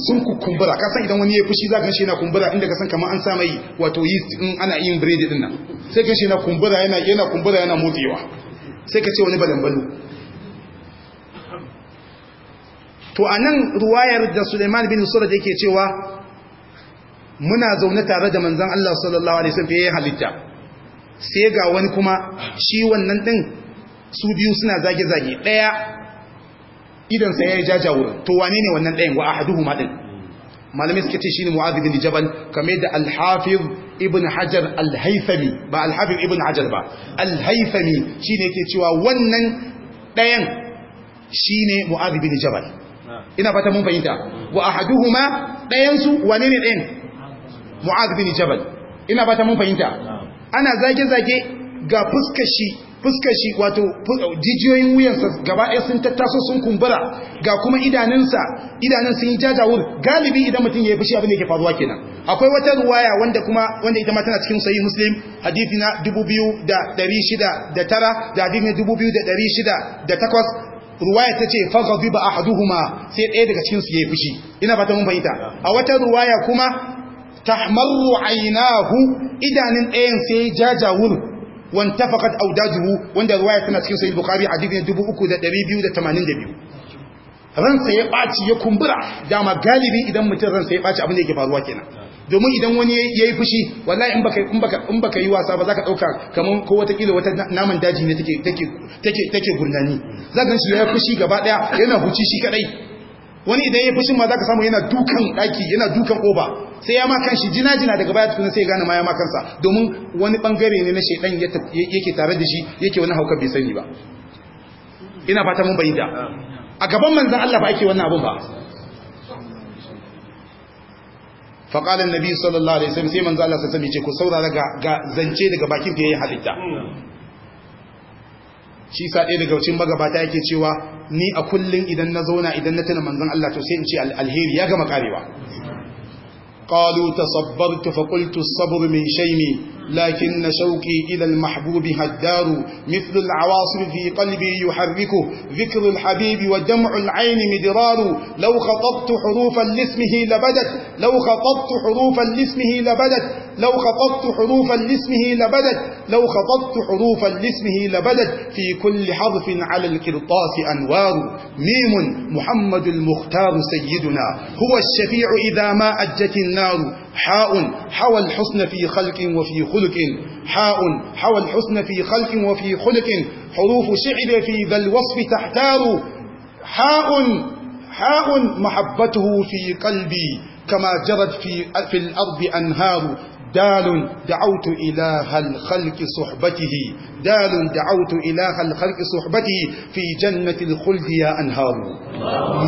sun kumbura. kasan idan wani ya fushi za kan shi na kumbura inda kasan kamar an samai wato yeast in ana yin biredi din nan sai ganshi shi na kumbura yana yana kumbura yana motsewa sai ka ce wani balambalo to a nan ruwayar da Suleiman bin da yake cewa muna zaune tare da manzan Allah sallallahu alaihi wasallam fiye eh, halitta sai ga wani kuma shi wannan din su biyu suna zage-zage ɗaya idansa ya yi jajawurin to wane ne wannan ɗayan wa a haduhu maɗin malamai suka ce shi ne mu'adu bin jabal kamar da alhafiz ibn hajar alhaifami ba alhafiz ibn hajar ba alhaifami shi ne ke cewa wannan ɗayan shi ne mu'adu bin jabal ina fata mun fahimta wa a haduhu ma ɗayansu wane ne ɗayan mu'adu bin jabal ina fata mun fahimta ana zage-zage ga fuskar shi fuskar shi wato jijiyoyin wuyansa gaba ɗaya sun tattaso sun kumbura ga kuma idanunsa idanun sun yi jajawur galibi idan mutum ya yi fushi abin da yake faruwa kenan akwai wata ruwaya wanda kuma wanda ita ma tana cikin sayi muslim hadisi na 2609 da hadisi na 2608 ruwaya ta ce faghadi ba ahaduhuma sai ɗaya daga cikin su yi fushi ina fata mun fahimta a wata ruwaya kuma tahmaru aynahu idanun ɗayan sai jajawur وانتفقت أوداجه wanda ruwaya تنا cikin da tamanin da 3282 ransa ya baci ya kumbura dama galibi idan mutum ransa ya baci abin da yake faruwa kenan domin idan wani yayi fushi wallahi in baka yi wasa ba ka ɗauka kamar ko wata kila wata naman daji ne take take take take gurnani ya fushi gaba ɗaya, yana huci shi kadai wani idan ya fushin ma ka samu yana dukan daki yana dukan oba sai ya makan shi jina-jina daga baya tukuna sai ya gane ma ya ma kansa domin wani bangare ne na shaidan yake tare da shi yake wani haukar bai sani ba ina fata mun bayyada a gaban manzan Allah ba ake wannan abun ba faƙalin nabi sallallahu alaihi wasallam sai manzan Allah sallallahu alaihi wasallam ya ce ku saura ga zance daga bakin da yayi halitta shi sa ɗaya daga cikin magabata yake cewa ni a kullum idan na zauna idan na tuna manzon Allah to sai in ce alheri ya gama karewa قالوا تصبرت فقلت الصبر من شيمي لكن شوقي إلى المحبوب هدار مثل العواصف في قلبي يحركه ذكر الحبيب ودمع العين مدرار لو خطبت حروفا لاسمه لبدت لو خطبت حروفا لاسمه لبدت لو خفضت حروفا لاسمه لبدت لو خفضت حروفا لاسمه لبدت في كل حرف على القرطاس أنوار ميم محمد المختار سيدنا هو الشفيع إذا ما أجت النار حاء حوى الحسن في خلق وفي خلق حاء حوى الحسن في خلق وفي خلق حروف شعر في ذا الوصف تحتار حاء حاء محبته في قلبي كما جرت في في الأرض أنهار دال دعوت إله الخلق صحبته دال دعوت إله الخلق صحبته في جنة الخلد يا أنهار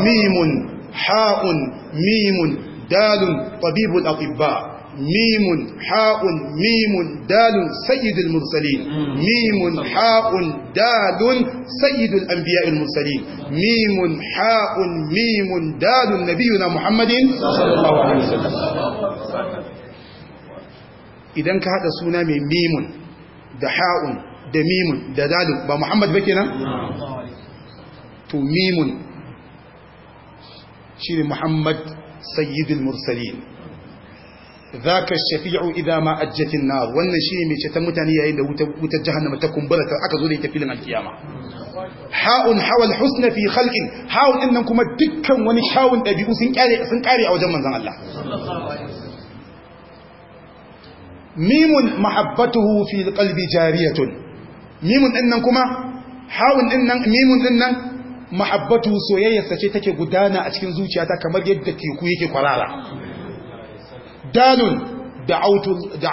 ميم حاء ميم دال طبيب الأطباء ميم حاء ميم دال سيد المرسلين ميم حاء دال سيد الأنبياء المرسلين ميم حاء ميم دال نبينا محمد صلى الله عليه وسلم idan ka haɗa suna mai mimun da ha'un da mimun da dalil ba muhammad ba kenan to mimun shine muhammad sayyidul mursalin zaka shafi'u idza ma ajjatin nar wannan shine mai cetan mutane yayin da wutar jahannama ta kumbura ta aka zo da ita filin alkiyama ha'un hawal husna fi khalqin ha'un din nan kuma dukkan wani shawun dabi'u sun ƙare a wajen manzon Allah mimun mahabbatuhu fi qalbi jariyatun mimun din nan kuma hawun mimun din nan mahabbatu soyayyarsa ce take gudana a cikin zuciyata kamar yadda teku yake kwarara Danun da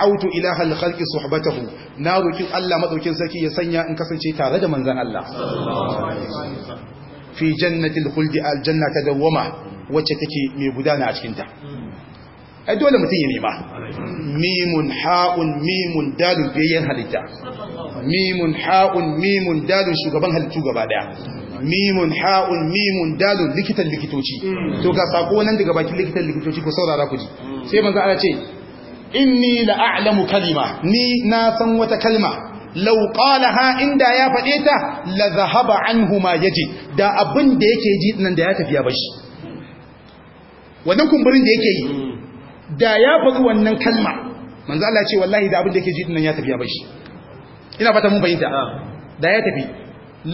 Autu ilaha al-khalqi suhbatahu na roki Allah madaukin sarki ya sanya in kasance tare da manzon Allah fi jannati al-khuldi aljanna wacce take mai gudana a cikin ta ai dole mutum ya nema mimun ha'un mimun dalun biyayyen halitta mimun ha'un mimun dalun shugaban halittu gaba daya mimun ha'un mimun dalun likitan likitoci mm. to ga sako nan daga bakin likitan likitoci ko saurara ku ji sai manzo Allah ce inni la'alamu kalima ni na san wata kalma lau qalaha inda ya faɗe ta la zahaba anhu ma yaji da abin da yake ji nan da ya tafiya bashi wannan kumburin da yake yi da ya faɗi wannan kalma manzo Allah ce wallahi da abin da yake ji dinnan ya tafi ya bashi ina fata mun fahimta ah. da ya tafi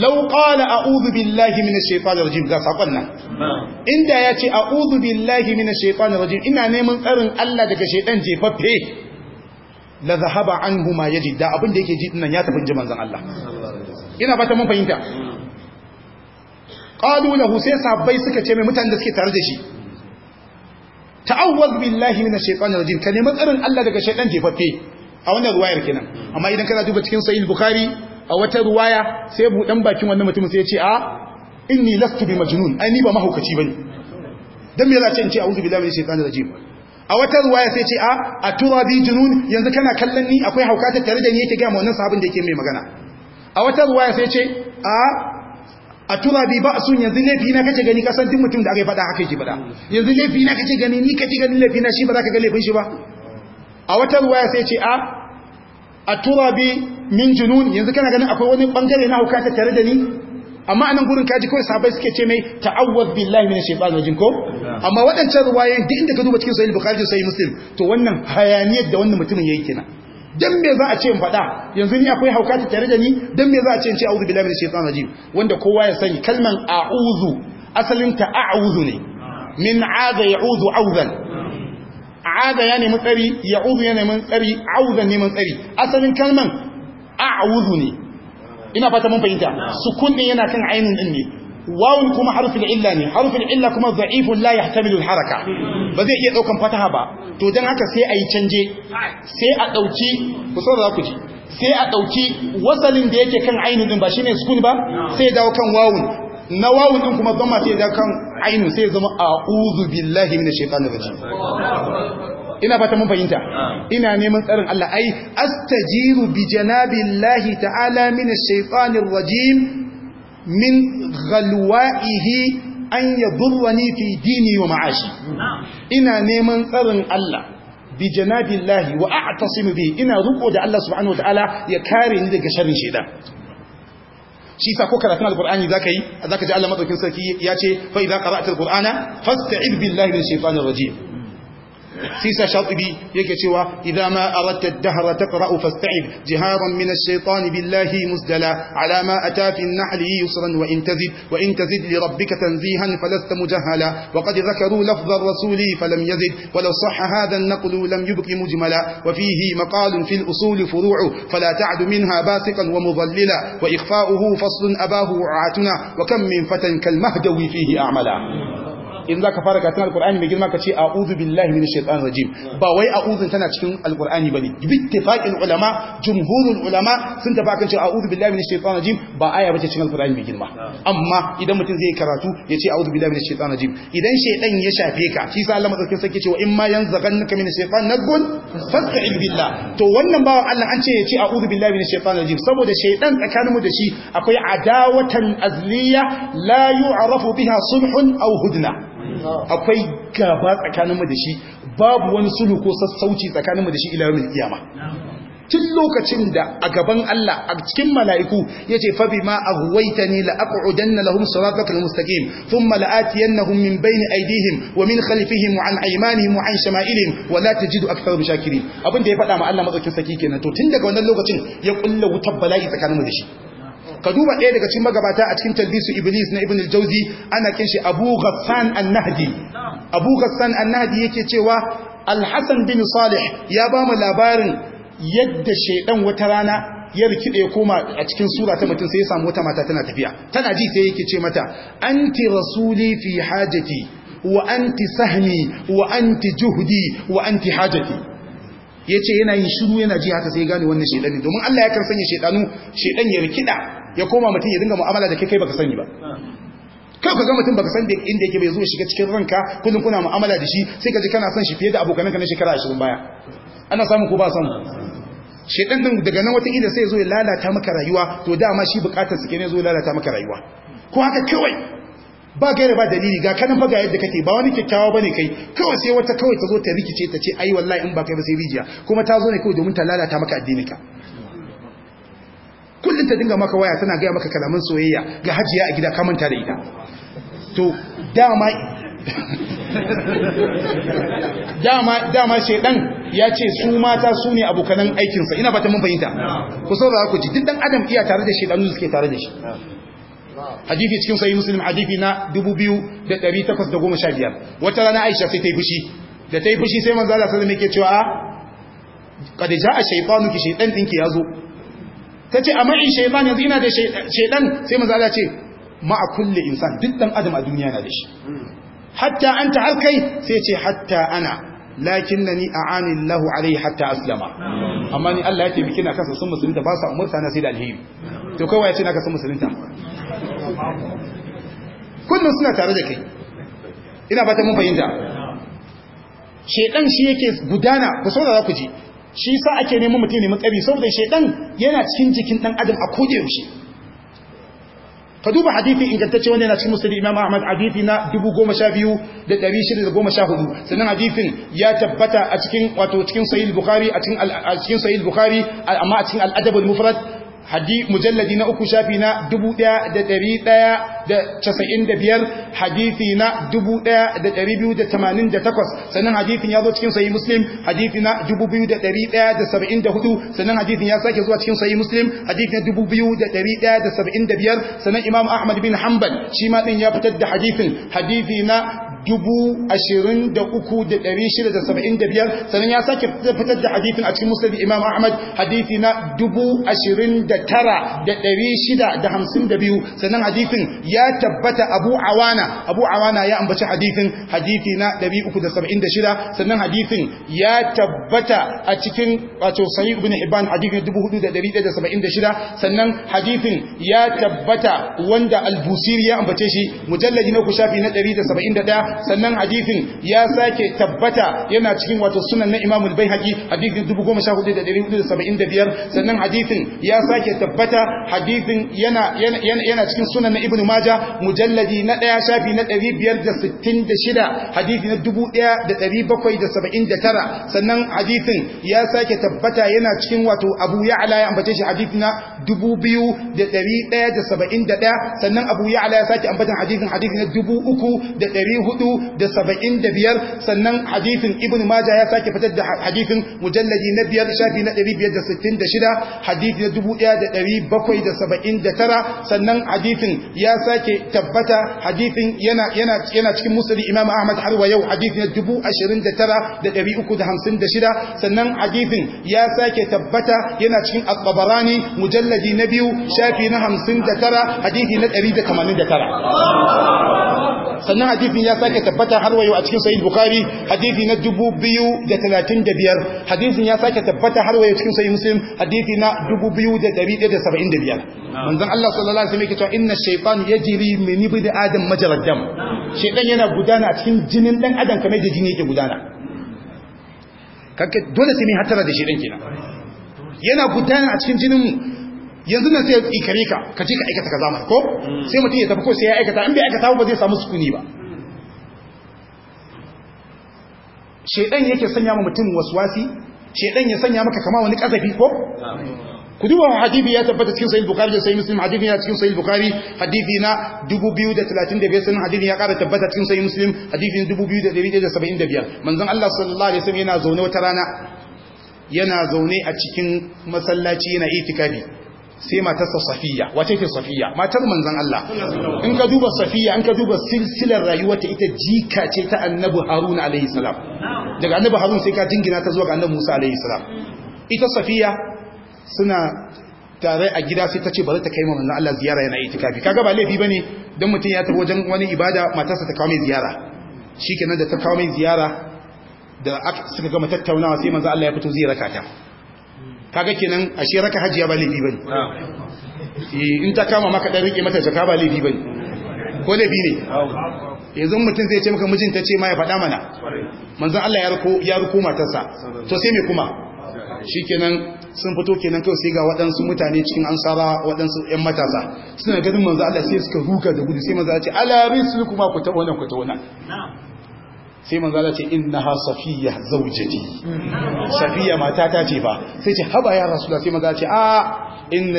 law qala a'udhu billahi minash shaitanir rajim ga sakon nan ah. inda ya ce a'udhu billahi minash shaitanir rajim ina neman tsarin Allah daga shaitan jefaffe la zahaba anhu ma yaji da abin da yake ji dinnan ya tafi ji manzon Allah ina fata mun fahimta hmm. qalu lahu sai sabbai suka ce mai mutanen da suke tare da shi ta'awwaz billahi minash shaitanir rajim ka nemi tsarin Allah daga shaitan jefaffe a wannan ruwayar kenan amma idan kana duba cikin sahih bukhari a wata ruwaya sai budan bakin wannan mutum sai ya ce a inni lastu bi majnun ai ni ba mahaukaci bane dan me yasa ce in ce a'udhu billahi minash shaitanir rajim a wata ruwaya sai ce a a tura bi junun yanzu kana kallon ni akwai hauka ta tare da ni yake ga mu wannan sahabin da yake mai magana a wata ruwaya sai ce a a tura bi ba sun yanzu laifi na kace gani kasan duk mutum da aka yi fada haka yake fada yanzu laifi na kace gani ni kace gani laifi na shi ba za ka ga laifin shi ba a wata ruwaya sai ce a ah, a tura bi min junun yanzu kana ganin akwai wani bangare na hukata tare da ni amma anan gurin kaji kawai sahabbai suke ce mai ta'awwaz billahi minash shaitanir rajim ko amma waɗancan ruwayoyin duk inda ka duba cikin sahih bukhari da sahih muslim to wannan hayaniyar da wannan mutumin yayi kenan dan me za a ce in faɗa yanzu ni akwai hauka ta tare da ni dan me za a ce in ce a'udhu billahi minash shaitanir rajim wanda kowa ya sani kalman a'udhu asalin ta a'udhu ne min aza ya'udhu auzan aza ya neman tsari ya'udhu yana neman tsari auzan neman tsari asalin kalman a'udhu ne ina fata mun fahimta sukun din yana kan ainin din ne wawun kuma harfin illa ne harfin illa kuma za'ifun la yahtamilu haraka ba zai iya daukan fataha ba to dan haka sai ayi canje sai a dauki ku za ku ji sai a dauki wasalin da yake kan ainun din ba shine sukun ba sai dawo kan wawun na wawun din kuma zama sai dawo kan ainun sai zama a'udhu billahi minash shaitanir rajim ina fata mun fahimta ina neman tsarin Allah ai astajiru bi janabillahi ta'ala minash shaitanir rajim min ghalwa'ihi an yadurrani fi dini wa ma'ashi ina neman tsarin Allah bi janabillahi wa a'tasimu bi ina ruko da Allah subhanahu wa ta'ala ya kare ni daga sharrin shaitan shi sa ko karatun alqur'ani zaka yi zaka ji Allah madaukin sarki ya ce fa idza qara'ta alqur'ana fasta'id billahi min shaitanir rajim سيسا شاطبي يكتوا إذا ما أردت الدهر تقرأ فاستعب جهارا من الشيطان بالله مزدلا على ما أتى في النحل يسرا وإن تزد, وإن تزد لربك تنزيها فلست مجهلا وقد ذكروا لفظ الرسول فلم يزد ولو صح هذا النقل لم يبق مجملا وفيه مقال في الأصول فروع فلا تعد منها باسقا ومضللا وإخفاؤه فصل أباه وعاتنا وكم من فتن كالمهدو فيه أعملا in ka fara karatun alqur'ani mai girma ka ce a'udhu billahi minash shaitanir rajim ba wai a'udhu tana cikin ba ne. bi ittifaqil ulama jumhurul ulama sun tafi kan cewa a'udhu billahi minash shaitanir rajim ba aya ba ce cikin alqur'ani mai girma amma idan mutum zai karatu ya ce a'udhu billahi minash shaitanir rajim idan shaitan ya shafe ka shi sa Allah madaukakin sarki cewa in ma yanzaghannaka minash shaitan nazgun fasta'id billah to wannan bawan Allah an ce ya ce a'udhu billahi minash shaitanir rajim saboda shaitan tsakaninmu da shi akwai adawatan azliya la yu'rafu biha sulhun aw hudna akwai gaba tsakaninmu da shi babu wani sulhu ko sassauci tsakaninmu da shi ila yawmil qiyama tun lokacin da a gaban Allah a cikin mala'iku ya ce fabi ma a huwaita ni la'aƙa'udan na lahun saratakar mustaƙim sun mala'atiyan na hummin bayan aidihim wa min khalifihim an aimanihim an shama'ilin wa la ta jidu aksar mushakiri abinda ya faɗa ma Allah matsakin saki kenan to tun daga wannan lokacin ya ƙulla wutar bala'i mu da shi ka duba ɗaya daga cikin magabata a cikin talbisu iblis na ibn al jauzi ana kin shi abu ghassan an-nahdi abu ghassan an-nahdi yake cewa al-hasan bin salih ya ba mu labarin yadda shaydan wata rana ya rikide koma a cikin sura ta mutum sai ya samu wata mata tana tafiya tana ji sai yake ce mata anti rasuli fi hajati wa anti sahmi wa anti juhdi wa anti hajati ya ce yana yi shiru yana ji haka sai gane wannan shaidan ne domin Allah ya kan sanya shaidanu shaidan ya rikida ya koma mutum ya dinga mu'amala da kai kai baka sani ba kai ka ga mutum baka san inda yake bai zo shiga cikin ranka kullum kuna mu'amala da shi sai ka ji kana son shi fiye da abokananka na shekara 20 baya ana samu ko ba samu shaidan din daga nan wata ida sai ya zo ya lalata maka rayuwa to dama shi bukatar su kenan zo ya lalata maka rayuwa ko haka kawai ba gaira ba dalili ga kanan baga ga yadda kake ba wani kyakkyawa bane kai kawai sai wata kawai ta zo ta rikice ta ce ai wallahi in ba kai ba sai rijiya kuma ta zo ne kawai domin ta lalata maka addinika. Kullum kullun ta dinga maka waya tana gaya maka kalaman soyayya ga hajiya a gida ka manta da ita to dama dama dama shedan ya ce su mata su ne abokanan aikinsa ina ba ta mun fahimta ku saurara ku ji duk dan adam iya tare da shedanu suke tare da shi hadisi cikin sahih muslim hadisi na 2815 wata rana aisha sai ta yi fushi da ta yi fushi sai manzo Allah sallallahu alaihi wasallam yake cewa ah, ja a shaytanu ki shaytan dinki yazo tace amma in shaytan yanzu ina da shaytan sai manzo Allah ce ma a kulli insan duk dan adam a duniya na da shi hatta anta har kai sai ce hatta ana lakinnani a'ani Allahu alaihi hatta aslama amma ni Allah ya taimake ni kansa sun musulunta ba sa umurta na sai da alheri to kai waye ce naka sun musulunta kullum suna tare da kai ina ta mun fahimta shedan shi yake gudana ku za ku ji shi sa ake neman mutum neman kabi saboda shedan yana cikin jikin dan adam a koda yaushe ka duba hadithi ingantacce wanda yana cikin musulmi imam ahmad hadithi na 12614 sannan hadithin ya tabbata a cikin wato cikin sahih bukhari a cikin sahih bukhari amma a cikin al-adab al-mufrad hadi mujalladi na uku shafi na 1195 hadithi na 1288 sannan hadithin ya zo cikin sahih muslim hadithi na 2174 sannan hadithin ya sake zuwa cikin sahih muslim hadithi na 2175 sannan imam ahmad bin hanbal shi ma ɗin ya fitar da hadithin hadithi biyar sannan ya sake fitar da hadithin a cikin musulun imam ahmad hadithi na biyu sannan hadithin ya tabbata abu awana abu awana ya ambaci hadithin hadithi na shida sannan hadithin ya tabbata a cikin wato sahih ibn hibban hadithin shida sannan hadithin ya tabbata wanda Al-Busiri ya ambace shi mujalladi na ku shafi na 171 sannan hadisin ya sake tabbata yana cikin wato sunan na Imam al-Baihaqi hadisin 14475 sannan hadisin ya sake tabbata hadisin yana yana cikin sunan na Ibn Maja mujalladi na ɗaya shafi na 566 hadisi na 1779 sannan hadisin ya sake tabbata yana cikin wato Abu Ya'la ya ambace shi hadisi na 2171 sannan abu ya ala ya sake ambatan hadisin hadisi na 3475 sannan hadifin ibn majah ya sake fitar da hadisin mujalladi na biyar shafi na 566 hadisi na 1779 sannan hadifin ya sake tabbata hadifin yana yana yana cikin musulmi imam ahmad har wa yau hadisi na 29356 sannan hadifin ya sake tabbata yana cikin Akwabarani tabarani mujalladi na biyu shafi na 59 hadisi na 189 sannan hadisin ya sake tabbata har wayo a cikin sahih bukhari hadisi na 2035 hadisin ya sake tabbata har wayo cikin sahih muslim hadisi na 2175 manzon Allah sallallahu alaihi wasallam yake cewa inna shaytan yajri min ibni adam majrad dam shaytan yana gudana a cikin jinin dan adam kamar da jini yake gudana kake dole sai mun hatara da shaytan kenan yana gudana a cikin jininmu yanzu nan sai ikare ka ka je ka aikata kaza mai ko mm. sai mutum ya tafi ko sai ya aikata in bai aikata ba zai samu sukuni ba shedan yake sanya ma mutum waswasi shedan ya sanya maka kama wani kasafi ko ku duba wa hadisi ya tabbata cikin sahih bukhari da sahih muslim hadisi ya cikin sahih bukhari hadisi na 2035 sanin hadisi ya kara tabbata cikin sahih muslim hadisi na 2275 manzon Allah sallallahu alaihi wasallam yana zaune wata rana yana zaune a cikin masallaci yana itikafi sai matarsa safiya wace ce safiya matar manzan Allah in ka duba safiya in ka duba silsilar rayuwarta ita jika ce ta annabi harun alaihi salam daga annabi harun sai ka jingina ta zuwa ga annabi musa alaihi salam ita safiya suna tare a gida sai ta ce bari ta kai ma manzan Allah ziyara yana itikafi kaga ba laifi bane dan mutum ya tafi wajen wani ibada matarsa ta kawo mai ziyara shikenan da ta kawo mai ziyara da suka gama tattaunawa sai manzan Allah ya fito zai raka ta kaga kenan ashe raka hajiya ba laifi bane eh, in ta kama maka dan rike mata jaka ba laifi bane ko laifi ne yanzu mutum zai ce maka mijinta ce ma ya faɗa mana manzon Allah ya riko ya riko matarsa to sai me kuma shikenan sun fito kenan kai sai ga waɗansu mutane cikin ansara waɗansu ƴan matasa suna ganin manzo Allah sai suka huka da gudu sai manzo Allah ya ce ala rislukum ku ta wannan ku ta wannan sai manzo Allah ce innaha safiya zawjati safiya mata ta ce fa sai ce haba ya rasulullah sai manzo Allah ce a ah, inna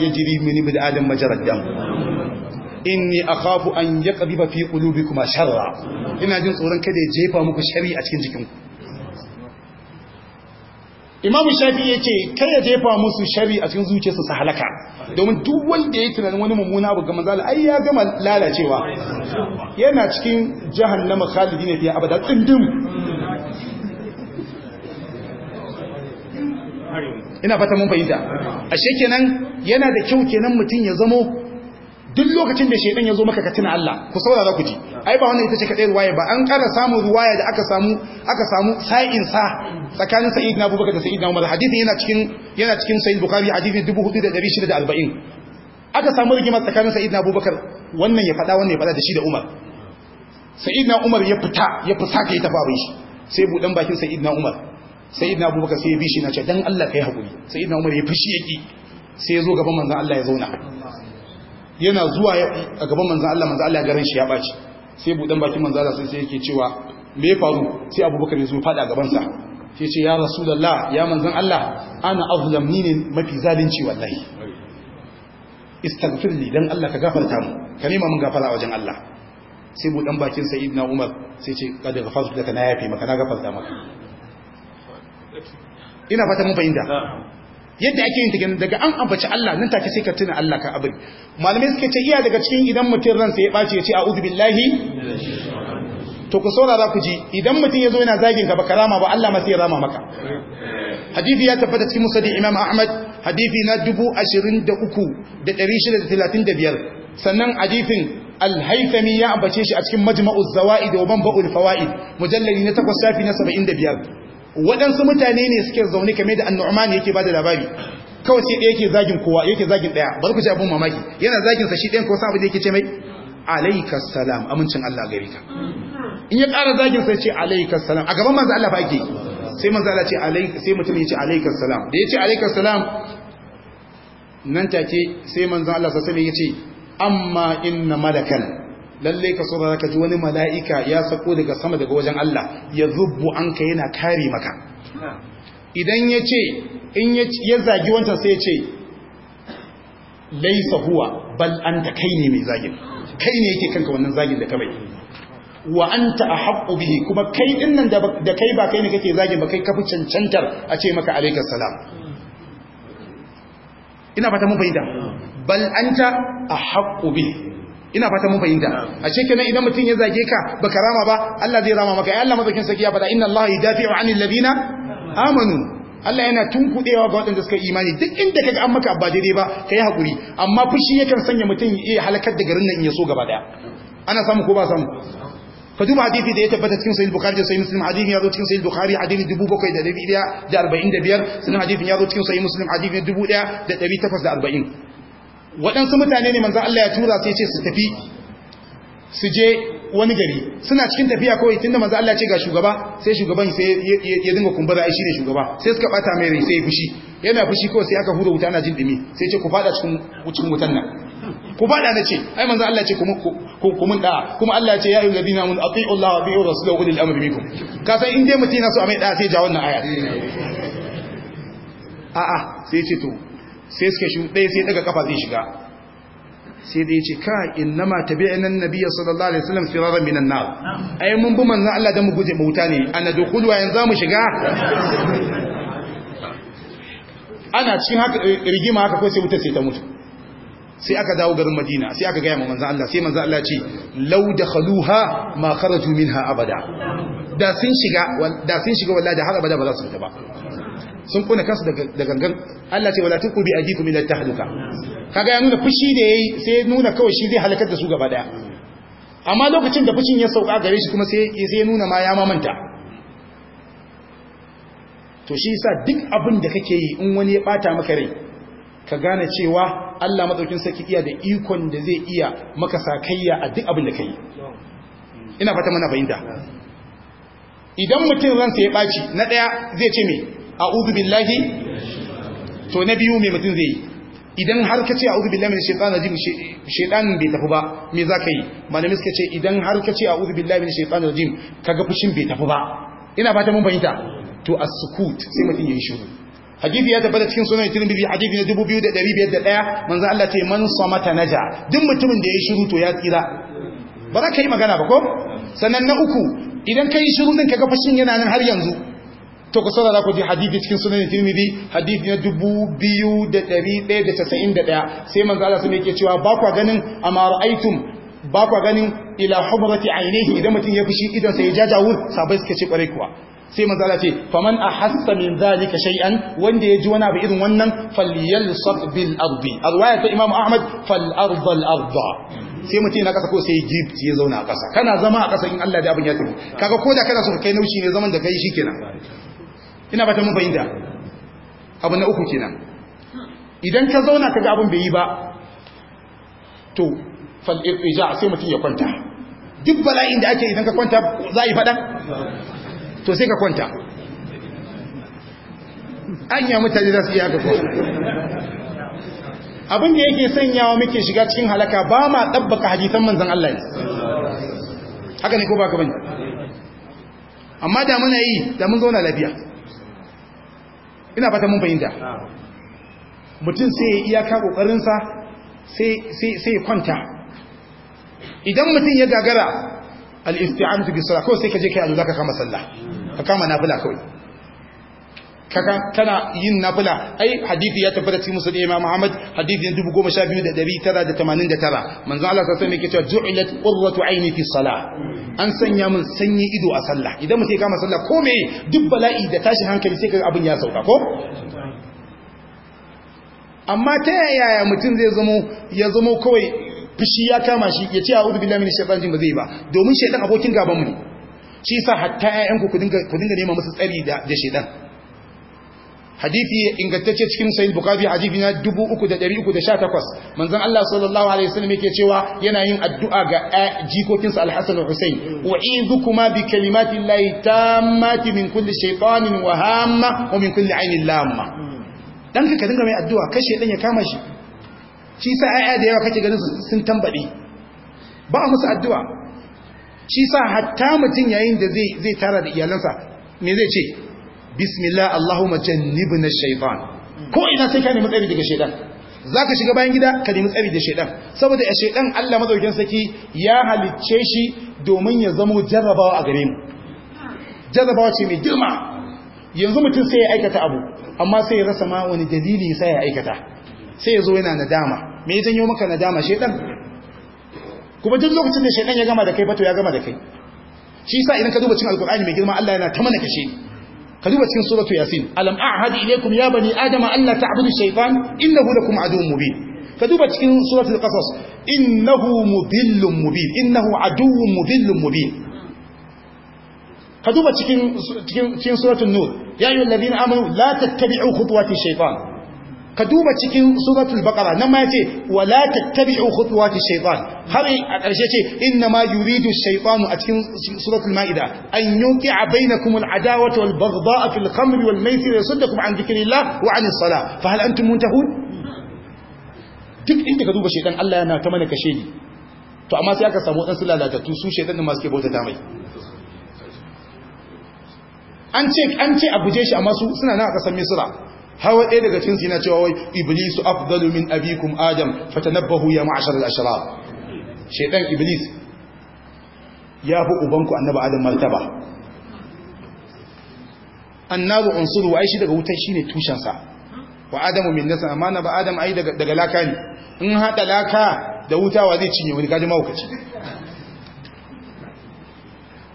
ya jiri min ibn adam majarad dam inni akhafu an yaqdhiba fi qulubikuma sharra ina jin tsoron kada ya jefa muku shari a cikin jikinku imamu shafi ya ce kai ya jefa musu shari a cikin zuciyarsu su halaka domin duk wanda ya yi tunanin wani mummuna abu ga manzala ai ya gama lalacewa yana cikin jihar na makhalidi ne fiye abada tsindin ina fata mun fahimta ashe kenan yana da kyau kenan mutum ya zamo duk lokacin da shaidan ya zo maka ka tuna Allah ku saurara ku ji ai ba wannan ita ce kadai ruwaya ba an kara samu ruwaya da aka samu aka samu sa'in sa tsakanin sa'id na Abubakar da sa'id na Umar hadisi yana cikin yana cikin sahih Bukhari hadisi 4640 aka samu rigima tsakanin sa'id na Abubakar wannan ya fada wannan ya fada da shi da Umar sa'id na Umar ya fita ya fusa kai ta abin shi sai budan bakin sa'id na Umar sa'id na Abubakar sai ya bi shi na ce dan Allah kai hakuri sa'id na Umar ya fushi yake sai ya zo gaban manzon Allah ya zauna yana zuwa a gaban manzan Allah manzan Allah garin shi ya ɓaci sai buɗan bakin manzan Allah sai sai yake cewa me ya faru sai abubakar ya zo faɗa a gabansa sai ce ya rasu Allah ya manzan Allah ana azlam ni ne mafi zalunci wallahi istaghfirli don Allah ka gafarta mu ka nema mun gafara wajen Allah sai buɗan bakin sayyidina Umar sai ce kad ghafartu laka na yafe maka na gafarta maka ina fata mun fahimta yadda ake yin take daga an ambaci Allah nan take sai ka tuna Allah ka abin malamai suke ce iya daga cikin idan mutum ransa ya bace ya ce a'udhu billahi to ku saurara ku ji idan mutum yazo yana zagin ka baka rama ba Allah ma sai rama maka hadisi ya tabbata cikin musnad Imam Ahmad hadisi na 23635 sannan hadisin Al-Haythami ya ambace shi a cikin Majma'uz Zawaid wa Manba'ul Fawaid mujallali na 8 shafi na 75 waɗansu mutane ne suke zaune kame da annu'man yake bada labari kawai sai ɗaya yake zagin kowa yake zagin ɗaya bar ku abin mamaki yana zagin sa shi ɗayan ko sa abin da yake ce mai alaikas salam amincin Allah gare ka in ya ƙara zagin sai ce alaikas salam a gaban manzo Allah ba yake sai manzo Allah ce sai mutum ya ce alaikas salam da ya ce alaikas salam nan take sai manzo Allah sallallahu ne ya ce amma inna malakan lalle ka saurara ka ji wani mala'ika ya sako daga sama daga wajen Allah ya zubbu an ka yana kare maka idan ya ce in ya zagi wanta sai ya ce laisa huwa bal anta kai ne mai zagin kai ne yake kanka wannan zagin da ka bai wa anta ahqqu bihi kuma kai din nan da kai ba kai ne kake zagin ba kai kafi cancantar a ce maka alayka salam ina fata mun fahimta bal anta ahqqu bihi ina fata mun fahimta a ce kenan idan mutum ya zage ka baka rama ba Allah zai rama maka ya Allah madaukin saki ya fada inna Allah yudafi'u 'anil ladina amanu Allah yana tunkudewa ga waɗanda suka imani duk inda kaga an maka ba dai ba kai hakuri amma fushi yakan sanya mutum ya halakar da garin nan in ya so gaba daya ana samu ko ba samu ka duba hadisi da ya tabbata cikin sahih bukhari da sahih muslim hadisi ya zo cikin sahih bukhari hadisi 7145 sunan hadisin ya zo cikin sahih muslim hadisi 1840 waɗansu mutane ne manzan Allah ya tura sai ce su tafi su je wani gari suna cikin tafiya kawai da manzan Allah ce ga shugaba sai shugaban sai ya dinga kumbura shi shine shugaba sai suka bata mai rai sai ya fushi yana fushi kawai sai aka hura wuta na jin dumi sai ce ku fada cikin cikin wutan nan ku fada na ce ai manzan Allah ce ku ku mun da kuma Allah ce ya ayyuhal ladina mun atiiu Allah wa bi'u rasulahu ulil amri minkum ka san in dai mutum so a mai da sai ja wannan aya a'a sai ce to sai suka shi ɗaya sai daga kafa zai shiga sai dai ce ka innama tabi'na annabiyya sallallahu alaihi wasallam firaran minan nar ai mun bi manzon Allah dan mu guje bauta ne ana dukulu yanzu zamu shiga ana cikin haka rigima haka ko sai wuta sai ta mutu sai aka dawo garin Madina sai aka gaya manzon Allah sai manzon Allah ce law dakhaluha ma kharaju minha abada da sun shiga da sun shiga wallahi da har abada ba za su fita ba sun kuna kansu da gangan Allah ce wala tuku bi ajiku min at-tahluka kaga ya nuna fushi da yayi sai nuna kawai shi zai halakar da su gaba daya amma lokacin da fushin ya sauka gare shi kuma sai sai nuna ma ya mamanta to shi yasa duk abin da kake yi in wani ya bata maka rai ka gane cewa Allah madaukin sarki iya da ikon da zai iya maka sakayya a duk abin da kai ina fata mana fahimta idan mutum ransa ya baci na daya zai ce me a'udhu billahi to na biyu me mutum zai yi idan har ka ce a'udhu billahi minash shaitanir rajim shaitan bai tafi ba me za ka yi malami suka ce idan har ka ce a'udhu billahi minash shaitanir rajim kaga fushin bai tafi ba ina fata mun bayyana to as-sukut sai mutum yayi shiru hadisi ya tabbata cikin sunan Tirmidhi hadisi na 2501 manzo Allah ce man samata naja duk mutumin da yayi shiru to ya tsira ba za ka yi magana ba ko sannan na uku idan ka yi shiru din kaga fushin yana nan har yanzu to ku saurara ku ji hadisi cikin sunan Tirmidhi hadisi na 2191 sai manzo Allah sai yake cewa ba kwa ganin amma ra'aytum ba kwa ganin ila hubrati aynihi idan mutum ya fushi idan sai ya jajawu sabai suke ce kwarai kuwa sai manzo Allah ce faman ahassa min zalika shay'an wanda ya ji wani abu irin wannan falyalsaq bil ardi arwaya ta Imam Ahmad fal ardh al arda sai mutum yana kasa ko sai gift ya zauna a kasa kana zama a kasa in Allah da abin ya tafi kaga ko da kana so kai naushi ne zaman da kai shikenan ina ba ta mun fahimta abu na uku kenan idan ka zauna ka ga abin bai yi ba to fal irja sai mutum ya kwanta duk bala'in da ake idan ka kwanta za a yi faɗa, to sai ka kwanta anya mutane za su yi haka kuwa abin da yake sanyawa muke shiga cikin halaka ba ma ɗabbaka hadisan manzan Allah ne haka ne ko ba ka bane amma da muna yi da mun zauna lafiya ina fata mun fahimta mutum sai ya iyaka ƙoƙarinsa sai ya kwanta idan mutum ya gagara al-isti'anatu bis kawai ko sai ka je kai azu zaka kama sallah ka kama nafila kawai kaga kana yin nafila ai hadisi ya tabbata cikin musulmi imam muhammad hadisin 12989 manzo Allah Sani alaihi wasallam ju'ilat qurratu aini fi salah an sanya mun sanyi ido a sallah idan mutum kama sallah ko me duk bala'i da tashi hankali sai kaga abin ya sauka ko amma ta yaya mutum zai zamo ya zamo kawai fishi ya kama shi ya ce a'udhu billahi minash shaitan jin ba zai ba domin shaitan abokin gaban mu ne shi sa hatta ƴaƴanku ku dinga ku dinga nema musu tsari da shaitan hadithi ingantacce cikin sahih bukhari hadithi na 3318 Manzan Allah sallallahu alaihi wasallam yake cewa yana yin addu'a ga jikokinsa Alhassan al-Hasan al-Husayn wa'idukuma bi kalimati llahi tammati min kulle shaytanin wa Wahama, wa min kulle ainihin lamma dan ka dinga mai addu'a kashe dan ya kama shi shi sa ayya da yawa kake ganin sun tambade ba a musu addu'a shi sa hatta mutum yayin da zai tara da iyalansa me zai ce bismillah allahumma jannibna shaytan ko ina sai ka nemi tsari daga shaytan zaka shiga bayan gida ka nemi tsari da shaytan saboda a shaytan Allah madaukakin saki ya halicce shi domin ya zamo jarrabawa a gare mu jarrabawa ce mai girma yanzu mutum sai ya aikata abu amma sai ya rasa ma wani dalili sai ya aikata sai ya zo yana nadama me ya janyo maka nadama shaytan kuma duk lokacin da shaytan ya gama da kai fato ya gama da kai shi yasa idan ka duba cikin alkur'ani mai girma Allah yana ta mana kashe ni kaliba cikin suratu yasin alam a'had ilaykum ya bani adama alla ta'budu shaytan innahu lakum aduwwun mubin ka duba cikin suratul qasas innahu mudillun mubin innahu aduwwun mudillun mubin ka duba cikin cikin suratul nur ya ayyuhallazina amanu la tattabi'u khutuwati shaytan ka duba cikin suratul baqara nan ma yace wala tattabi'u khutuwati shaytan har a ƙarshe ce inna ma yuridu shaytanu a cikin suratul maida an yuqi'a bainakum al'adawata wal baghdha'a fil khamri wal maisir yasuddukum an dhikrillah wa 'anis salah fa hal antum muntahun duk inda ka duba shaytan Allah yana ta mana kashe ni to amma sai aka samu wadansu lalatattu su shaytan ma suke bauta ta mai an ce an ce abuje shi amma su suna nan a kasar misra hawa ɗaya daga cinsu yana cewa wai iblisu afdalu min abikum adam fatanabbahu ya ma'ashar al-ashraf iblis ya fi ubanku annabi adam martaba annabi unsuru ai shi daga wutan shine tushen sa wa adamu min nasa amma na ba adam ai daga daga laka ne in hada laka da wuta wa zai cinye wani gaji mawukaci.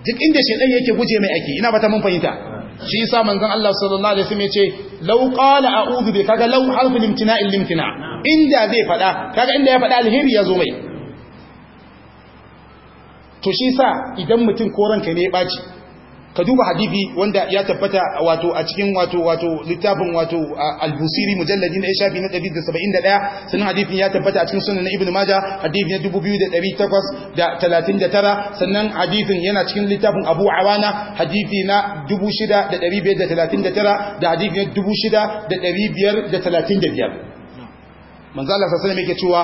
duk inda shaidan yake guje mai ake ina ba ta mun fahimta shi yasa manzon Allah sallallahu alaihi wasallam yace law qala a'udhu bi kaga law harfu limtina'il limtina inda zai fada kaga inda ya fada alheri ya zo mai to shi yasa idan mutum ko ranka ne ya baci ka duba hadithi wanda ya tabbata wato a cikin wato wato littafin wato al-busiri mujalladi na shafi na 171 sannan hadithin ya tabbata a cikin sunan ibn majah hadithi na 2839 sannan hadithin yana cikin littafin abu awana hadithi na 6539 da hadithi na 6535 manzo Allah sallallahu alaihi wasallam yake cewa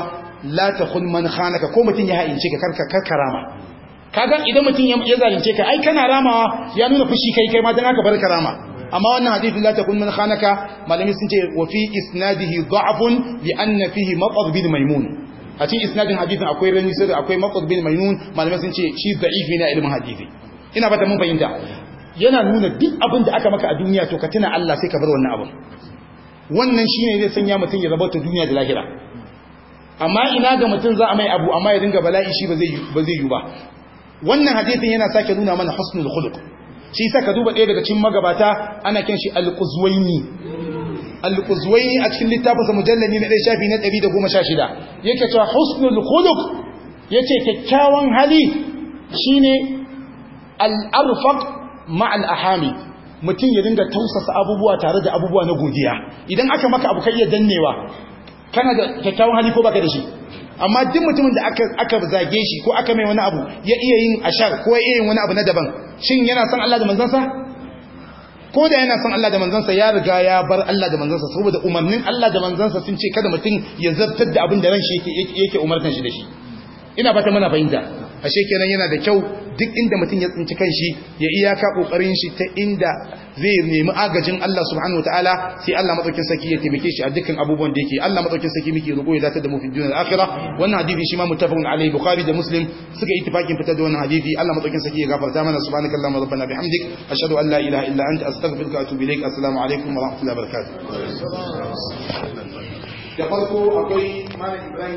la takhun man khanaka ko mutun ya haince ka karka karkarama kaga idan mutum ya zalunce ka ai kana ramawa ya nuna fushi kai kai ma dan bar barka rama amma wannan hadisin la takun min khanaka malami sun ce wa fi isnadihi da'fun bi anna fihi maqad bin maimun a cikin isnadin hadisin akwai rani sai akwai maqad bin maimun malami sun ce shi ne na ilmin hadisi ina fata mun fahimta yana nuna duk abin da aka maka a duniya to ka tuna Allah sai ka bar wannan abin wannan shine zai sanya mutum ya rabauta duniya da lahira amma ina ga mutum za a mai abu amma ya dinga bala'i shi ba zai yi ba wannan hadisin yana sake nuna mana husnul khuluq shi yasa ka duba ɗaya daga cikin magabata ana kiran shi al-quzwaini al a cikin littafinsa mujallali na ɗaya shafi na 116 yake cewa husnul khuluq yace kyakkyawan hali shine al-arfaq ma'al ahami mutum ya dinga tausasa abubuwa tare da abubuwa na godiya idan aka maka abu kai ya dannewa kana da kyakkyawan hali ko baka da shi amma duk mutumin da aka zage shi ko aka mai wani abu ya iya yin ashar ko ya iya yin wani abu na daban shin yana san Allah da manzansa ko da yana san Allah da manzansa ya riga ya bar Allah da manzansa saboda umarnin Allah da manzansa sun ce kada mutum ya zartar da abin da ran shi yake umartan shi da shi ina fata mana fahimta ashe kenan yana da kyau duk inda mutum ya tsinci kanshi ya iyaka kokarin shi ta inda zai nemi agajin Allah subhanahu wataala sai Allah madaukakin saki ya taimake shi a dukkan abubuwan da yake Allah madaukakin saki muke roƙo ya zata da mu fi dunyar akhirah wannan hadisi shi ma muttafaqun alaihi bukhari da muslim suka ittifaqin fitar da wannan hadisi Allah madaukakin saki ya gafarta mana subhanakallahumma rabbana bihamdik ashhadu an la ilaha illa anta astaghfiruka wa atubu ilaik assalamu alaikum wa rahmatullahi wa barakatuh da farko akwai malam ibrahim